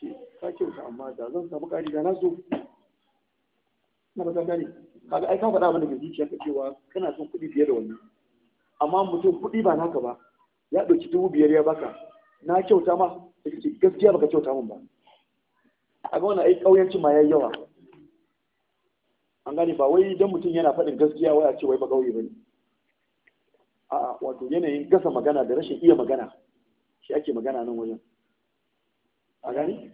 ce ka kyauta amma da zan samu ƙari da na zo, na ba zan gane kaga ai ka faɗa mana da zuciya ka cewa kana son kuɗi fiye da wannan amma mutum kuɗi ba naka ba ya ɗauki dubu biyar ya baka na kyauta ma gaskiya baka kyauta min ba a ga wannan ai ƙauyanci ma yayi yawa an gane ba wai idan mutum yana faɗin gaskiya waya ce wai ba ƙauye bane a'a wato yanayin gasa magana da rashin iya magana shi ake magana nan wajen a gani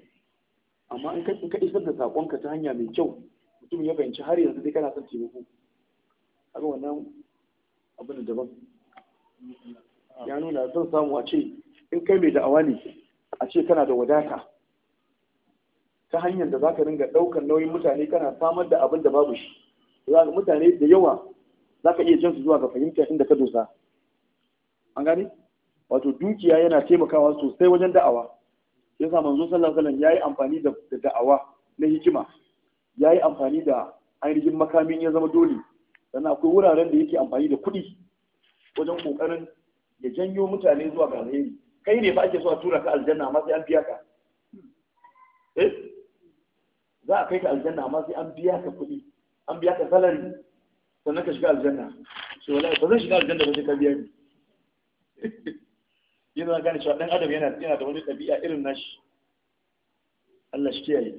amma in ka isar da saƙonka ta hanya mai kyau mutum ya fahimci har yanzu dai kana son taimako ga wannan abin da daban ya nuna son samu a ce in kai mai da'awa ne a ce kana da wadata ta hanyar da zaka ringa ɗaukar nauyin mutane kana samar da abin da babu shi za ga mutane da yawa za ka iya jan su zuwa ga fahimta inda ka dosa an gane wato dukiya yana taimakawa sosai wajen da'awa ya sa manzo sallallahu ya yi amfani da da'awa na hikima ya yi amfani da ainihin makamin ya zama dole sannan akwai wuraren da yake amfani da kuɗi wajen ƙoƙarin ya janyo mutane zuwa ga alheri kai ne ba ake so a tura ka aljanna amma sai an biya ka eh za a kai ka aljanna amma sai an biya ka kuɗi an biya ka salari sannan ka shiga aljanna sai wallahi ba zan shiga aljanna ba sai ka biya ni yanzu an gane cewa dan adam yana yana da wani ɗabi'a irin nashi Allah shi kiyaye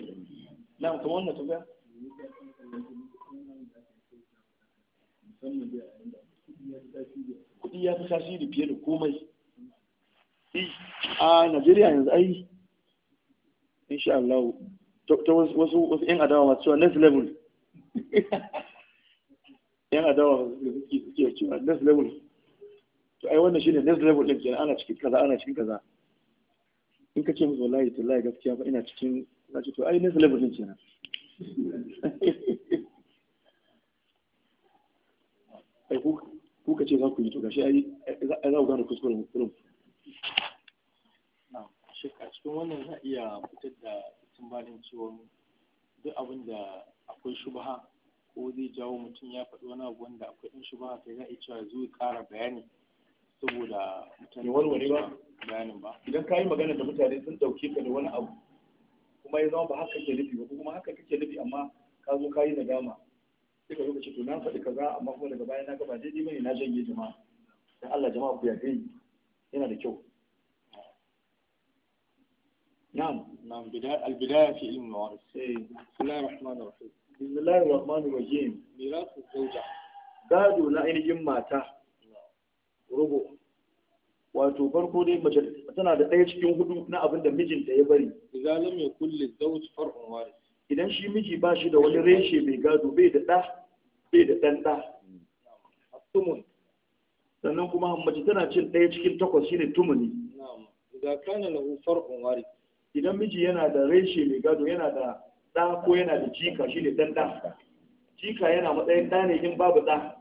na kuma wannan tafiya musamman da kuɗi ya fi tasiri fiye da komai a najeriya yanzu ai insha Allah ta wasu wasu yan adawa masu cewa next level yan adawa suke cewa next level to ai wannan shine next level ɗin kenan ana cikin kaza ana cikin kaza in ka ce musu wallahi tallahi gaskiya ba ina cikin na ce to ai next level ɗin kenan ai ku kuka ce za ku yi to gashi ai za ku gane kuskuren kurin a cikin wannan za iya fitar da tumbalin ciwon duk abin da akwai shubaha ko zai jawo mutum ya faɗi wani abu wanda akwai ɗan shubaha sai za a iya cewa ya ƙara bayani saboda mutane warware ba bayanin ba idan ka yi magana da mutane sun dauke ka da wani abu kuma ya zama ba haka ke nufi ba kuma haka kake nufi amma ka zo ka yi nadama suka ka lokaci to na faɗi kaza amma kuma daga baya na ga daidai bane na janye jama'a da Allah jama'a ku yafe ni yana da kyau نعم نعم بداية البداية في علم بسم الله الرحمن الرحيم بسم الله الرحمن الرحيم ميراث الزوجة gado na ainihin mata rubo wato farko dai mace tana da ɗaya cikin hudu na abin da mijinta ya bari idan lam kulle lizawj idan shi miji ba shi da wani reshe mai gado bai da ɗa sai da ɗan ɗa tumun sannan kuma mace tana cin ɗaya cikin takwas shine tumuni idan kana na far'un wari idan miji yana da reshe mai gado yana da ɗa ko yana da jika shine ɗan ɗa jika yana matsayin ɗa ne in babu ɗa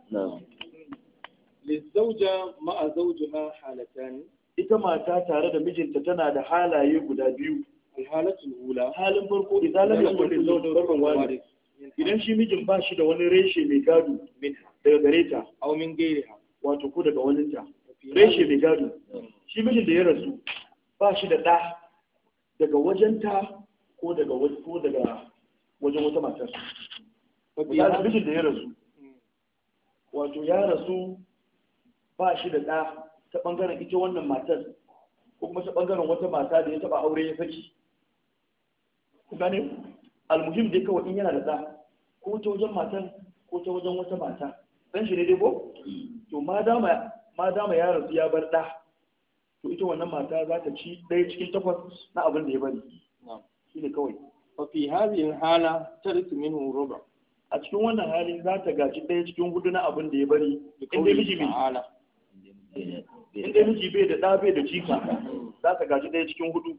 lizauja ma'a zaujiha halatan ita mata tare da mijinta tana da halaye guda biyu halatu hula halin farko idan lam yakun lizauja far'un wari idan shi mijin ba shi da wani reshe mai gado daga gare ta aw min gairiha wato ko daga wani ta reshe mai gado mm. shi mijin da ya rasu ba shi da ɗa daga wajen ta ko daga ko daga wajen wata matar ya mijin da ya rasu mm. wato ya rasu ba shi da ɗa ta ɓangaren ita wannan matar ko kuma ta ɓangaren wata mata da ya taɓa aure ya saki ku gane almuhim dai kawai in yana da ɗa ko ta wajen matan ko ta wajen wata mata ɗan shi ne dai ko to ma dama ya rasu ya bar ɗa to ita wannan mata za ta ci ɗaya cikin takwas na abin da ya bari shi ne kawai fa fi hadhihi ta tariku minhu ruba a cikin wannan halin za ta gaji ɗaya cikin gudu na abin da ya bari inda miji bai inda miji bai da ɗa bai da jika za ta gaji ɗaya cikin hudu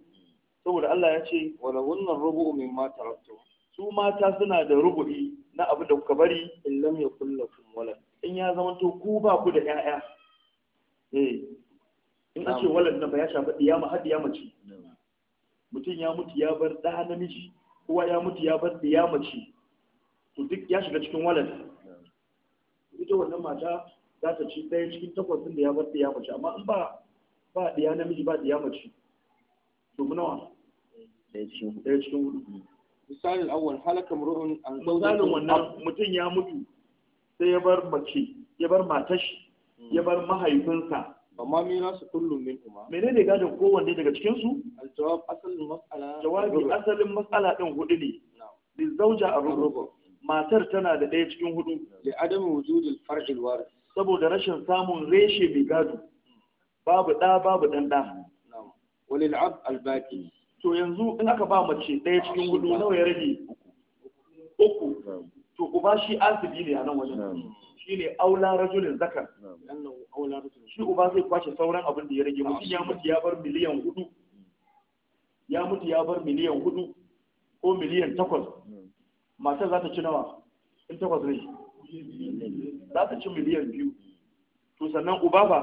saboda Allah ya ce wala wannan rubu'u ma taraktum su mata suna da rubu'i na abu da kuka bari in lam yakul lakum walad in ya zama to ku ba ku da ƴaƴa eh in ce walad ba ya shafi diya ma hadiya mace mutum ya mutu ya bar da namiji kowa ya mutu ya bar diya mace to duk ya shiga cikin walad ita wannan mata za ta ci ɗaya cikin takwas da ya bar diya mace amma in ba ba diya namiji ba diya mace misalin halaka mur'un an misalin wannan mutum ya mutu sai ya bar mace ya bar matashi ya bar mahaifinsa amma su min kuma menene gadin kowanne daga cikin su aljawab asalin mas'ala jawabi asalin mas'ala din hudu ne li zauja arrubu matar tana da ɗaya cikin hudu li adami wujudil far'il saboda rashin samun reshe mai gado babu ɗa babu ɗanɗa. walil ab albaki to yanzu in aka ba mace ɗaya cikin hudu nawa ya rage uku to uba shi asibi ne a nan wajen shi ne aula rajulin zakar shi uba zai kwace sauran abin da ya rage mutum ya mutu ya bar miliyan hudu ya mutu ya bar miliyan hudu ko miliyan takwas matar za ta ci nawa in takwas ne za ta ci miliyan biyu to sannan uba ba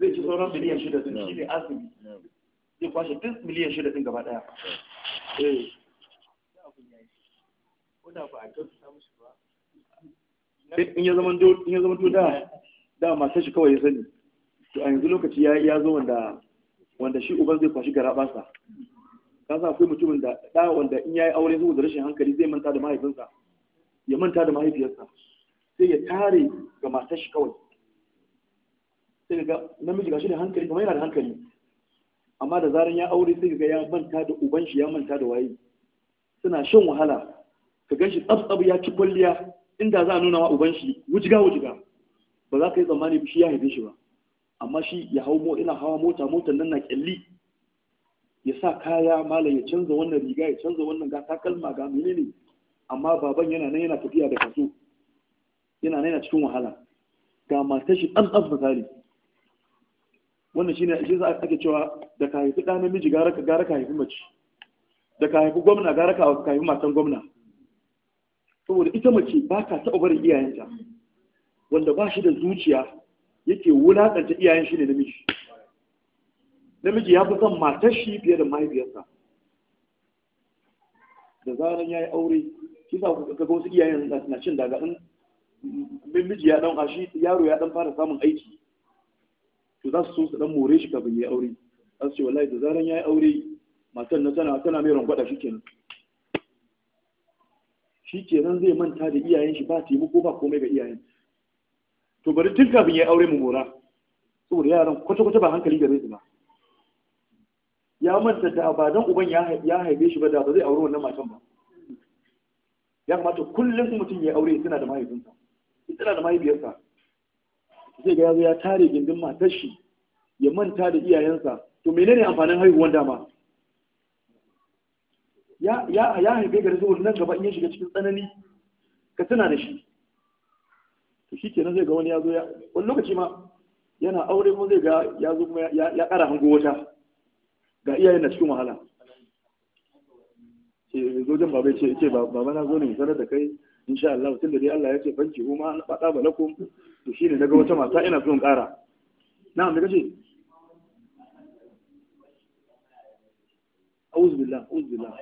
zai ci sauran miliyan shida sun shi ne asibi. zai kwashe duk miliyan shida sun gaba daya eh. in ya zama in ya zama to da da shi kawai ya sani to a yanzu lokaci ya zo wanda wanda shi uban zai kwashi basa. ka sa akwai mutumin da da wanda in ya yi aure saboda rashin hankali zai manta da mahaifinsa ya manta da mahaifiyarsa sai ya tare ga masu shi kawai sai ga namiji gashi da hankali kuma yana da hankali amma da zaran ya aure sai ga ya manta da uban shi ya manta da waye suna shan wahala ka ganshi tsabtsab ya ci kwalliya inda za a nuna wa uban shi wujiga wujiga ba za ka yi tsammani shi ya haife shi ba amma shi ya hau mo ina hawa mota motar nan na kyalli ya sa kaya malam ya canza wannan riga ya canza wannan ga takalma ga menene amma baban yana nan yana tafiya da kaso yana nan yana cikin wahala ga matashi ɗan dan misali wannan shine shi za ake cewa da ka haifi ɗan namiji gara ka gara ka haifi mace da ka haifi gwamna gara ka haifi matan gwamna saboda ita mace ba ta taɓa barin iyayenta wanda ba shi da zuciya yake wulaƙanta iyayen shi ne namiji namiji ya fi son matar shi fiye da mahaifiyarsa da zaran ya yi aure shi sa ku ga wasu iyayen na cin daga in namiji ya ɗan shi yaro ya ɗan fara samun aiki to za su so su dan more shi kafin ya aure za su ce wallahi da zaran ya yi aure matan na tana tana mai rangwada shikenan shikenan zai manta da iyayen shi ba taimako ba komai ga iyayen to bari tun kafin ya yi aure mu mora saboda yaran kwata-kwata ba hankali gare su ba ya manta da ba dan uban ya haife shi ba da ba zai aure wannan matan ba ya kamata kullum mutum ya aure suna da mahaifinsa suna da mahaifiyarsa zai ga yazo ya tare gindin matar shi ya manta da iyayensa to menene amfanin haihuwar dama ya ya ya haife gari saboda nan gaba in ya shiga cikin tsanani ka tuna da shi to shikenan zai ga wani yazo ya wani lokaci ma yana aure mu zai ga yazo kuma ya ƙara hango wata ga iyayen na cikin wahala eh, ce zo babai ce ce babana na zo ne sanar da kai insha Allah tun da dai Allah ya ce fanki kuma na faɗa balakum to shine daga wata mata ina son ƙara na'am amma kace auzu billah auzu billah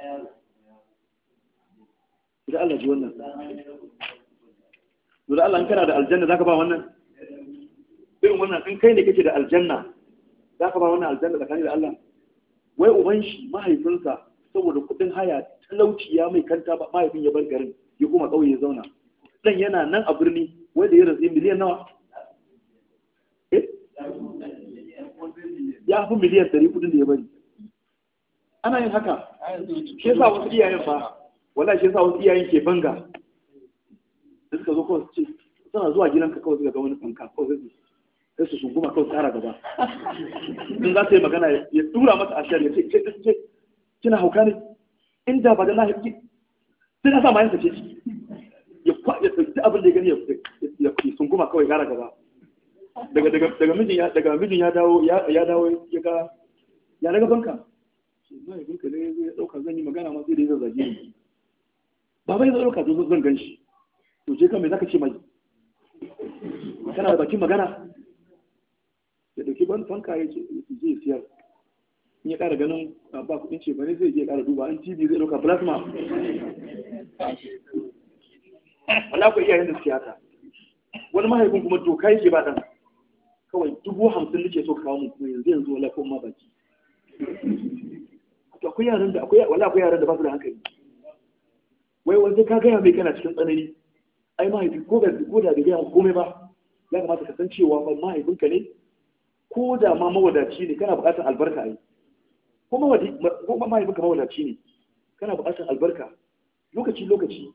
idan Allah ji wannan dole Allah in kana da aljanna zaka ba wannan irin wannan in kai ne kake da aljanna zaka ba wannan aljanna tsakani da Allah wai uban shi mahaifinsa saboda kudin haya talauci ya mai kanta ba mahaifin ya bar garin ya kuma ƙauye ya zauna dan yana nan a birni wanda ya ratsi miliyan nawa eh? ya fi miliyan dari kudin da ya bari ana yin haka shi yasa wasu iyayen ba wala shi yasa wasu iyayen ke banga da suka zo kawai su ce suna zuwa gidan ka kawai suka ga wani fanka kawai sai su sunguma kawai tsara gaba in za su yi magana ya tura masa a shari'a ce ce ce kina hauka ne in da ba da lahi sai na sa mayan ta ce ya kwa ya abin da ya gani ya fita ya sun kuma kawai gara gaba daga daga daga mijin ya daga mijin ya dawo ya dawo ya ga ya daga banka mai banka ne ya dauka zan yi magana ma sai da ya zage ni baba ya dauka zo zan ganshi to je ka me zaka ce mai kana da bakin magana ya dauki ban fanka ya ce je siyar in ya ƙara ganin ba kudin ce bane zai je ƙara duba an tv zai ɗauka plasma wala ku iyayen da suke haka wani mahaifin kuma doka yake ba ɗan kawai dubu hamsin nake so kawo mu kuma yanzu yanzu wala kuma baki to akwai yaran da akwai wala akwai yaran da ba su da hankali wai wanda ka gaya mai kana cikin tsanani ai mahaifin ko da ko da bai gaya komai ba ya kamata ka san cewa ba mahaifinka ne ko da ma mawadaci ne kana buƙatar albarka ai ko mahaifinka mawadaci ne kana buƙatar albarka lokaci lokaci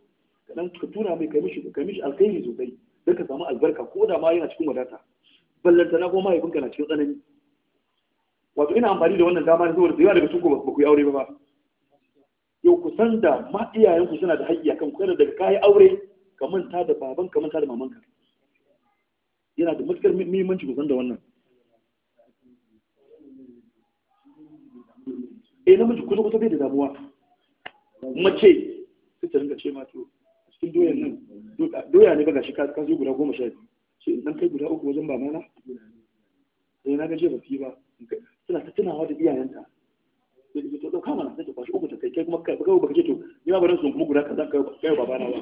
ka tura mai kai mishi alkhairi sosai don ka samu albarka ko da ma yana cikin wadata ballanta na ya mahaifinka na cikin tsanani wato ina amfani da wannan dama saboda da yawa daga tuko ba ku yi aure ba ba yau ku san da ma iyayenku suna da haƙƙi akan ku daga kayi aure ka manta da baban ka manta da mamanka yana da matukar muhimmanci ku san da wannan eh namiji kusa kusa bai da damuwa mace sai ta rinka ce ma to cikin doyan nan doya ne ba ga shi ka zo guda goma sha biyu sai dan kai guda uku wajen bamana? sai eh, na gaje ba fi ba suna ta tunawa da iyayenta sai ta to kama na sai kwashi uku ta kai kai kuma kai baka baka ce to ni ma barin sun kuma guda kaza kai kai babana ba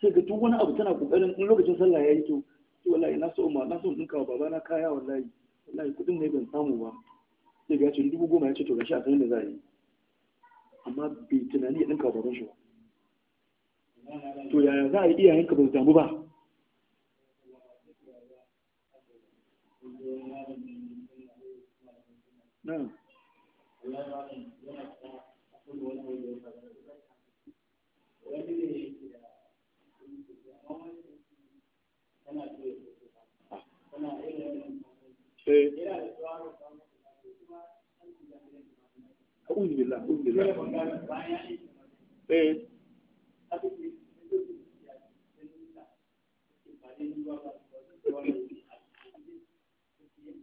sai ga duk wani abu tana kokarin in lokacin sallah yayi to to wallahi na so ma na so in kawo babana kaya wallahi wallahi kudin ne ban samu ba sai ga ce dubu goma ya ce to gashi a san da za a yi amma bai tunani ya dinka baban shi ba to yaya za a yi iyayenka ba su damu ba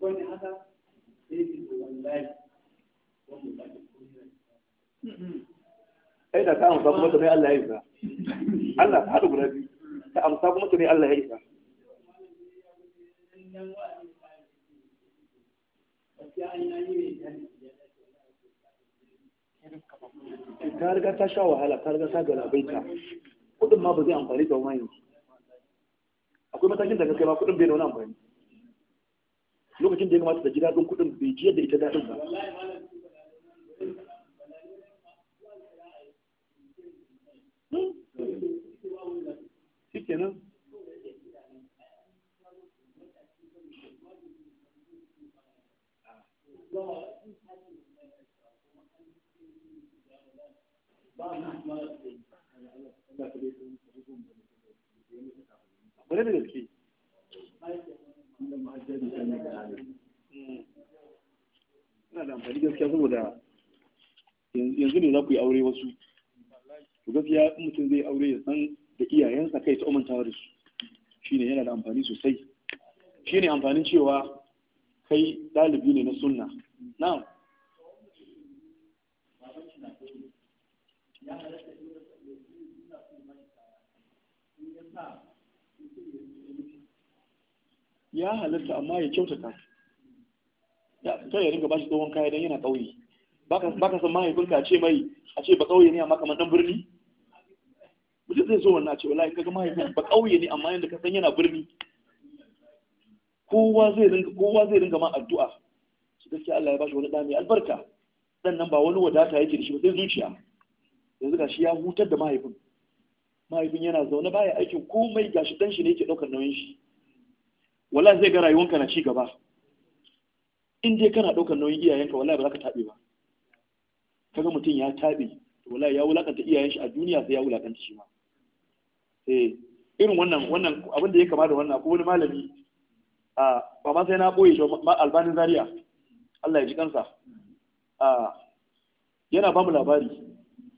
wani haka da amsa kuma ta Allah ya isa Allah haɗu guda biyu ta amsa kuma ta Allah ya isa gaskiya an yi ne ta riga ta sha wahala ta riga ta galabaita kudin ma ba zai amfani da wani yanzu akwai matakin da kai ma kudin bai da wani amfani lokacin da ya kamata da ji daɗin kudin bai ji yadda ita daɗin ba shi Thank you. Bari da gaske. Ina da amfani gaskiya saboda yanzu ne za ku yi aure wasu. To gaskiya mutum zai aure ya san da iyayensa kai ta umantawa da su. Shi ne yana da amfani sosai. Shi ne amfanin cewa kai ɗalibi ne na sunna. Na'am. ya halitta ya yi in ya amma ya kyautata ta ya ringa bashi tsohon kaya don yana ƙauye ba ka san mahaifinka a ce mai a ce ba ƙauye ne amma kamar ɗan birni mutum zai zo wani a ce wala in kaga mahaifin ba ƙauye ne amma yadda ka san yana birni kowa zai ringa ma addu'a Su gaskiya Allah ya bashi wani ɗa albarka sannan nan ba wani wadata yake da shi ba sai zuciya yanzu ga shi ya hutar da mahaifin mahaifin yana zaune ba ya aikin komai ga shi dan shi ne yake ɗaukar nauyin shi wallahi zai ga rayuwanka na ci gaba in dai kana ɗaukar nauyin iyayenka wallahi ba za ka taɓe ba kaga mutum ya taɓe wallahi ya wulakanta iyayen shi a duniya sai ya wulakanta shi ma eh irin wannan wannan abin da ya kama da wannan ko wani malami a ba ma sai na boye shi ma albanin zaria Allah ya ji kansa a yana ba mu labari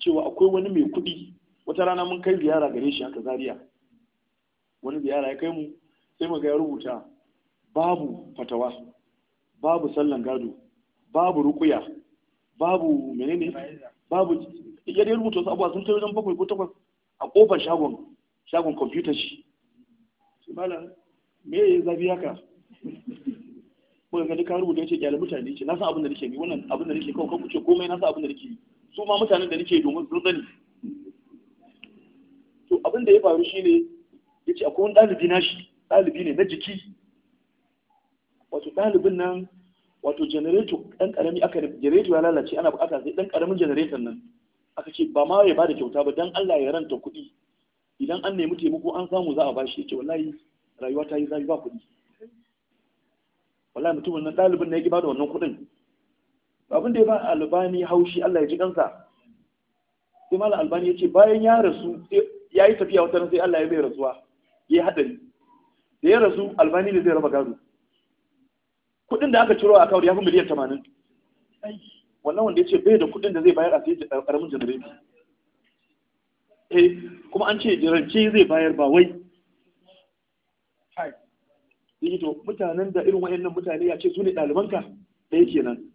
cewa akwai wani mai kuɗi wata rana mun kai ziyara gare shi haka zaria wani ziyara ya kai mu sai mu ga ya rubuta babu fatawa babu sallan gado babu rukuya babu menene babu ya dai rubuta wasu abuwa sun kai wajen bakwai ko takwas a kofar shagon shagon kwamfutar shi malam me ya zafi haka muka ga duka rubuta ya ce kyale mutane ce na san abin da nake ni wannan abin da nake kawai kan kuce komai na san abin da nake yi su ma mutanen da nake domin sun sani to abin da ya faru shine yace akwai wani ɗalibi na shi ɗalibi ne na jiki wato ɗalibin nan wato janareto ɗan ƙarami aka janareto ya lalace ana buƙata sai ɗan ƙaramin janareton nan aka ce ba ma ya bada kyauta ba dan Allah ya ranta kuɗi idan an nemi taimako an samu za a bashi yace wallahi rayuwa ta yi zafi ba kuɗi wallahi mutumin nan ɗalibin na ya bada wannan kuɗin abin da ya ba albani haushi Allah ya ji kansa sai malam albani ya ce bayan ya rasu ya yi tafiya wata sai Allah ya bai rasuwa ya hadari da ya rasu albani ne zai raba gado kudin da aka ciro a kawai ya fi miliyan tamanin wannan wanda ya ce bai da kudin da zai bayar a sai karamin janareta eh kuma an ce rance zai bayar ba wai to mutanen da irin wayannan mutane ya ce su ne ɗalibanka da yake nan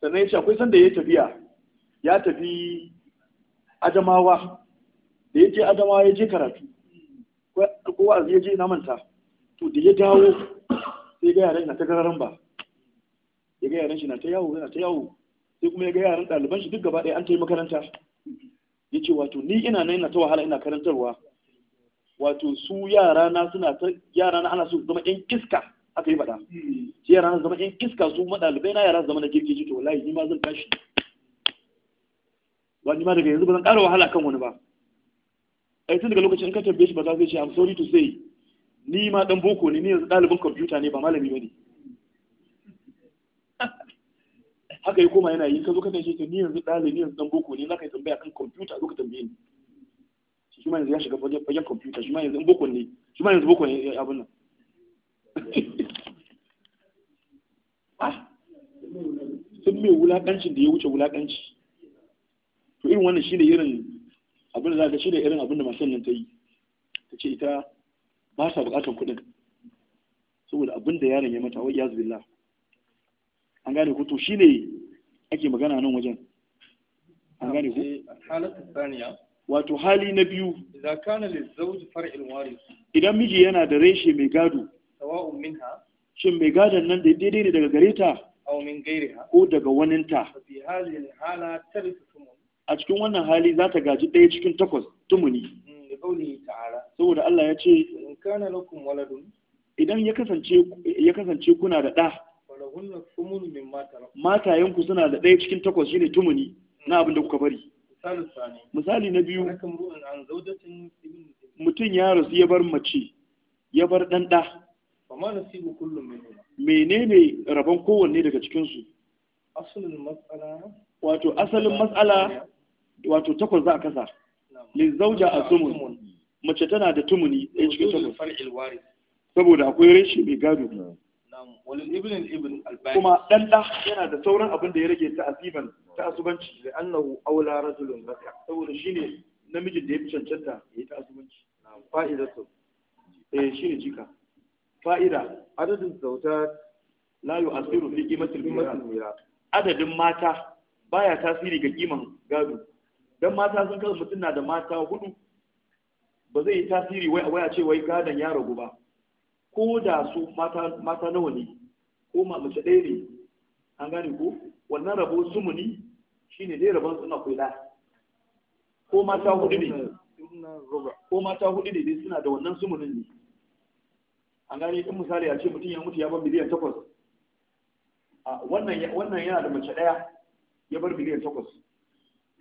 sannan ya ce akwai sanda ya tafiya ya tafi adamawa da ya je adamawa ya je karatu kowa ya je na manta to da ya dawo sai ga yaran na ta gararan ba ya ga yaran shi na ta yawo na ta yawo sai kuma ya ga yaran ɗaliban shi duk gaba ɗaya an ta yi makaranta ya ce wato ni ina nan ina ta wahala ina karantarwa wato su yara na suna ta yara na ana su zama ƴan iska haka yi faɗa sai yara zama in iska su madalibai na yara zama na girgiji jito wallahi ni ma zan tashi ba ni ma daga yanzu ba zan ƙara wahala kan wani ba ai tun daga lokacin in ka tambaye shi ba za zai ce I'm sorry to say ni ma dan boko ne ni yanzu ɗalibin kwamfuta ne ba malami ba ne haka yi koma yana yi ka zo ka tashi ni yanzu dalibin ni yanzu dan boko ne za ka yi tambaya kan kwamfuta zo ka tambaye ni shi ma yanzu ya shiga fagen kwamfuta shi ma yanzu boko ne shi ma yanzu boko ne eh, abin nan Ah, sun mai wulaƙancin da ya wuce wulaƙanci to irin wannan shine irin abin da za ka shine irin abin da masu nan ta yi ta ce ita ba sa buƙatar kuɗin saboda abin da yaron ya mata wai ya an gane ku to shine ake magana nan wajen an gane ku halatu saniya wato hali na biyu idan idan miji yana da reshe mai gado sawa'un minha shin mai gadon nan da daidai ne daga gare ta ko daga waninta a cikin wannan hali za ta gaji ɗaya cikin takwas tumuni hmm, saboda Allah ya ce idan ya kasance kuna da ɗa matayenku suna da ɗaya cikin takwas shine tumuni na abin da kuka bari misali na biyu mutum ya rasu ya bar mace ya bar ɗan ɗa Amma nasibu kullum Menene rabon kowanne daga cikin su? Asalin matsala Wato asalin matsala wato takwas za a kasa. zauja a sumun. Mace tana da tumuni a cikin takwas. Saboda akwai reshe mai gado. Kuma ɗan ɗa yana da sauran abin da ya rage ta asiban ta asubanci. Da annahu aula rajulun raka. Saboda shine namijin da ya fi cancanta ya yi ta asubanci. Fa'idatu. Eh shine jika. fa'ida adadin layu la yu'athiru fi qimatil mira adadin mata baya tasiri ga kiman gado dan mata sun kaza mutum na da mata hudu ba zai yi tasiri wai a waya ce wai gadon ya ragu ba ko da su mata nawa ne ko mace ɗaya ne an gane ko wannan rabo sumuni shine dai rabon suna kula ko mata hudu ne ko mata hudu ne dai suna da wannan sumunin ne an gani in misali a ce mutum ya mutu ya bar miliyan takwas wannan yana da mace ɗaya ya bar miliyan takwas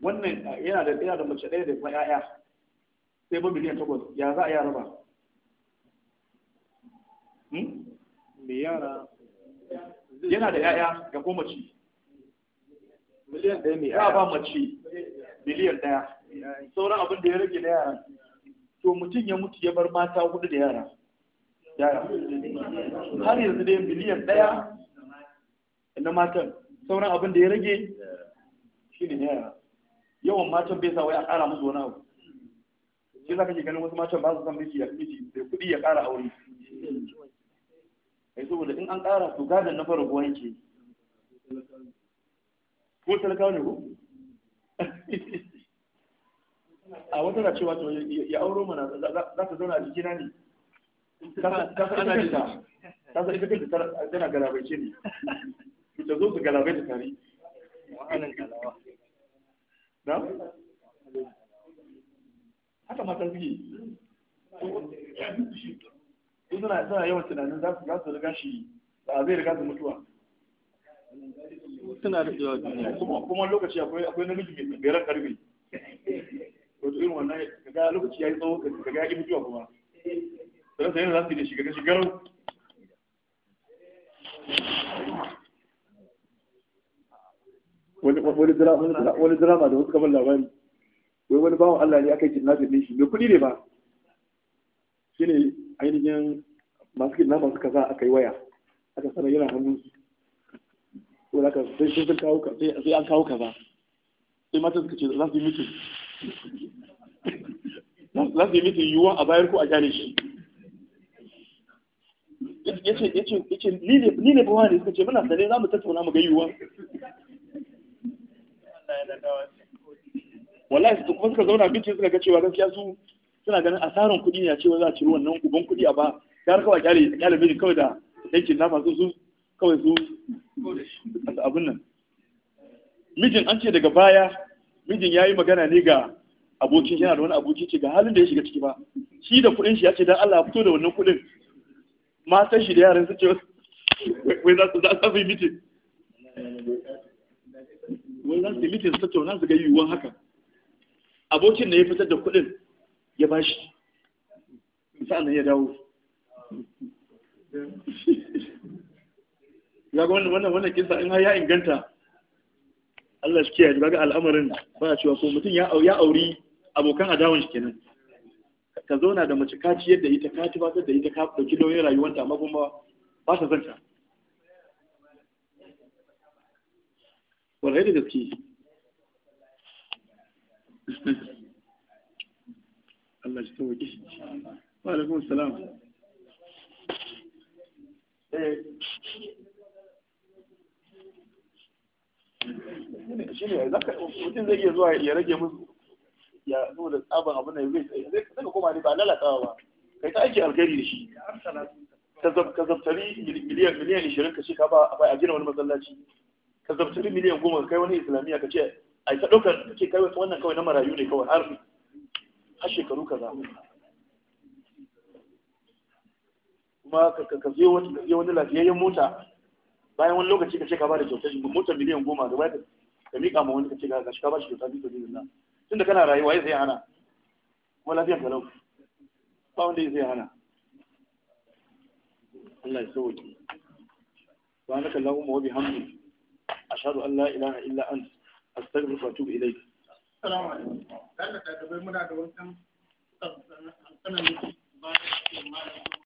wannan yana da yana da mace ɗaya da kuma ƴaƴa sai bar miliyan takwas ya za a hmm? yara ba yana da ƴaƴa ga ko mace miliyan ɗaya mai ƴaƴa ba mace miliyan ɗaya sauran abin da ya rage na yara to mutum ya mutu ya bar mata hudu da yara har yanzu dai miliyan ɗaya na matan sauran abin da ya rage shi ne yara yawan matan bai sa wai a ƙara musu wani abu shi za ka ke ganin wasu matan ba su san miji miji da kuɗi ya ƙara aure ai saboda in an ƙara su gadon na fara kuwa yake ko talakawa ne ko a wata na cewa to ya auro mana za ka zauna a jikina ne ta san ana jita ta san ita ta tana galabaice ne ta zo su galabai ta tare wa'anan galawa na haka mata suke su suna suna yawan tunanin za su za su riga shi ba zai riga su mutuwa suna da yawa duniya kuma lokaci akwai akwai namiji mai tsangaren karfe wato irin wannan ga lokaci ya yi tsawo ga ya ki mutuwa kuma sai sai za su yi da shiga kashi garau wani drama da wasu kamar labari wai wani bawan Allah ne aka yi kidnapping din shi mai kuɗi ne ba Shi ne ainihin masu kidnapping suka sa aka yi waya aka sanar yana hannun su ko da sai sun sun kawo sai an kawo kaza sai matan suka ce za su yi mitin za su yi mitin yiwuwa a bayar ko a kyale shi yace yace ni ne ni ne suka ce kace muna sane mu tattauna mu ga yiwuwa wallahi su kuma suka zauna bincin suka ga cewa gaskiya su suna ganin asarar kuɗi ne a cewa za a ciro wannan uban kuɗi a ba Gara kawai kyale kyale mijin kawai da yankin nafa su kawai su abin nan mijin an ce daga baya mijin ya yi magana ne ga abokin yana da wani aboki ce ga halin da ya shiga ciki ba shi da kuɗin shi ya ce dan Allah fito da wannan kuɗin matan shi da yaran su ce wai za su za su yi mitin wai za su yi mitin su tattauna su ga yiwuwan haka abokin da ya fitar da kuɗin ya ba shi sa'annan ya dawo ya ga wannan wannan wannan kisa in har ya inganta Allah shi kiyaye ga al'amarin ba a cewa ko mutum ya auri abokan adawan shi kenan ka zauna da mace ka ciyar da ita ka ba da ita ka dauki nauyin rayuwarta amma kuma ba ta zanta wallahi da gaske Allah shi tawaki wa alaikum salam eh. shi ne zaka mutum zai iya zuwa ya rage musu gaskiya saboda tsaban abin da zai zai ka koma ne ba lalatawa ba kai ta aiki alkhairi da shi ka zabtari miliyan miliyan 20 ka ce ka ba a gina wani masallaci ka zabtari miliyan 10 kai wani islamiyya ka ce A ta ɗaukar ka ce kai wannan kawai na marayu ne kawai har har shekaru ka za. kuma ka je wani lafiyayyen mota bayan wani lokaci ka ce ka ba da kyautar mota miliyan goma da bayan ka miƙa ma wani ka ce ka shi ka ba shi kyautar biyu da nan tunda kana rayuwa ya sai hana kuma lafiyar talau ba wanda ya sai hana Allah ya sauki wa na kallon umar wabi hamdu a shaɗu Allah ilaha illa an astagfir fa tubu ilai salamu alaikum kan da ta gabe muna da wancan kan da ba ta ce ma da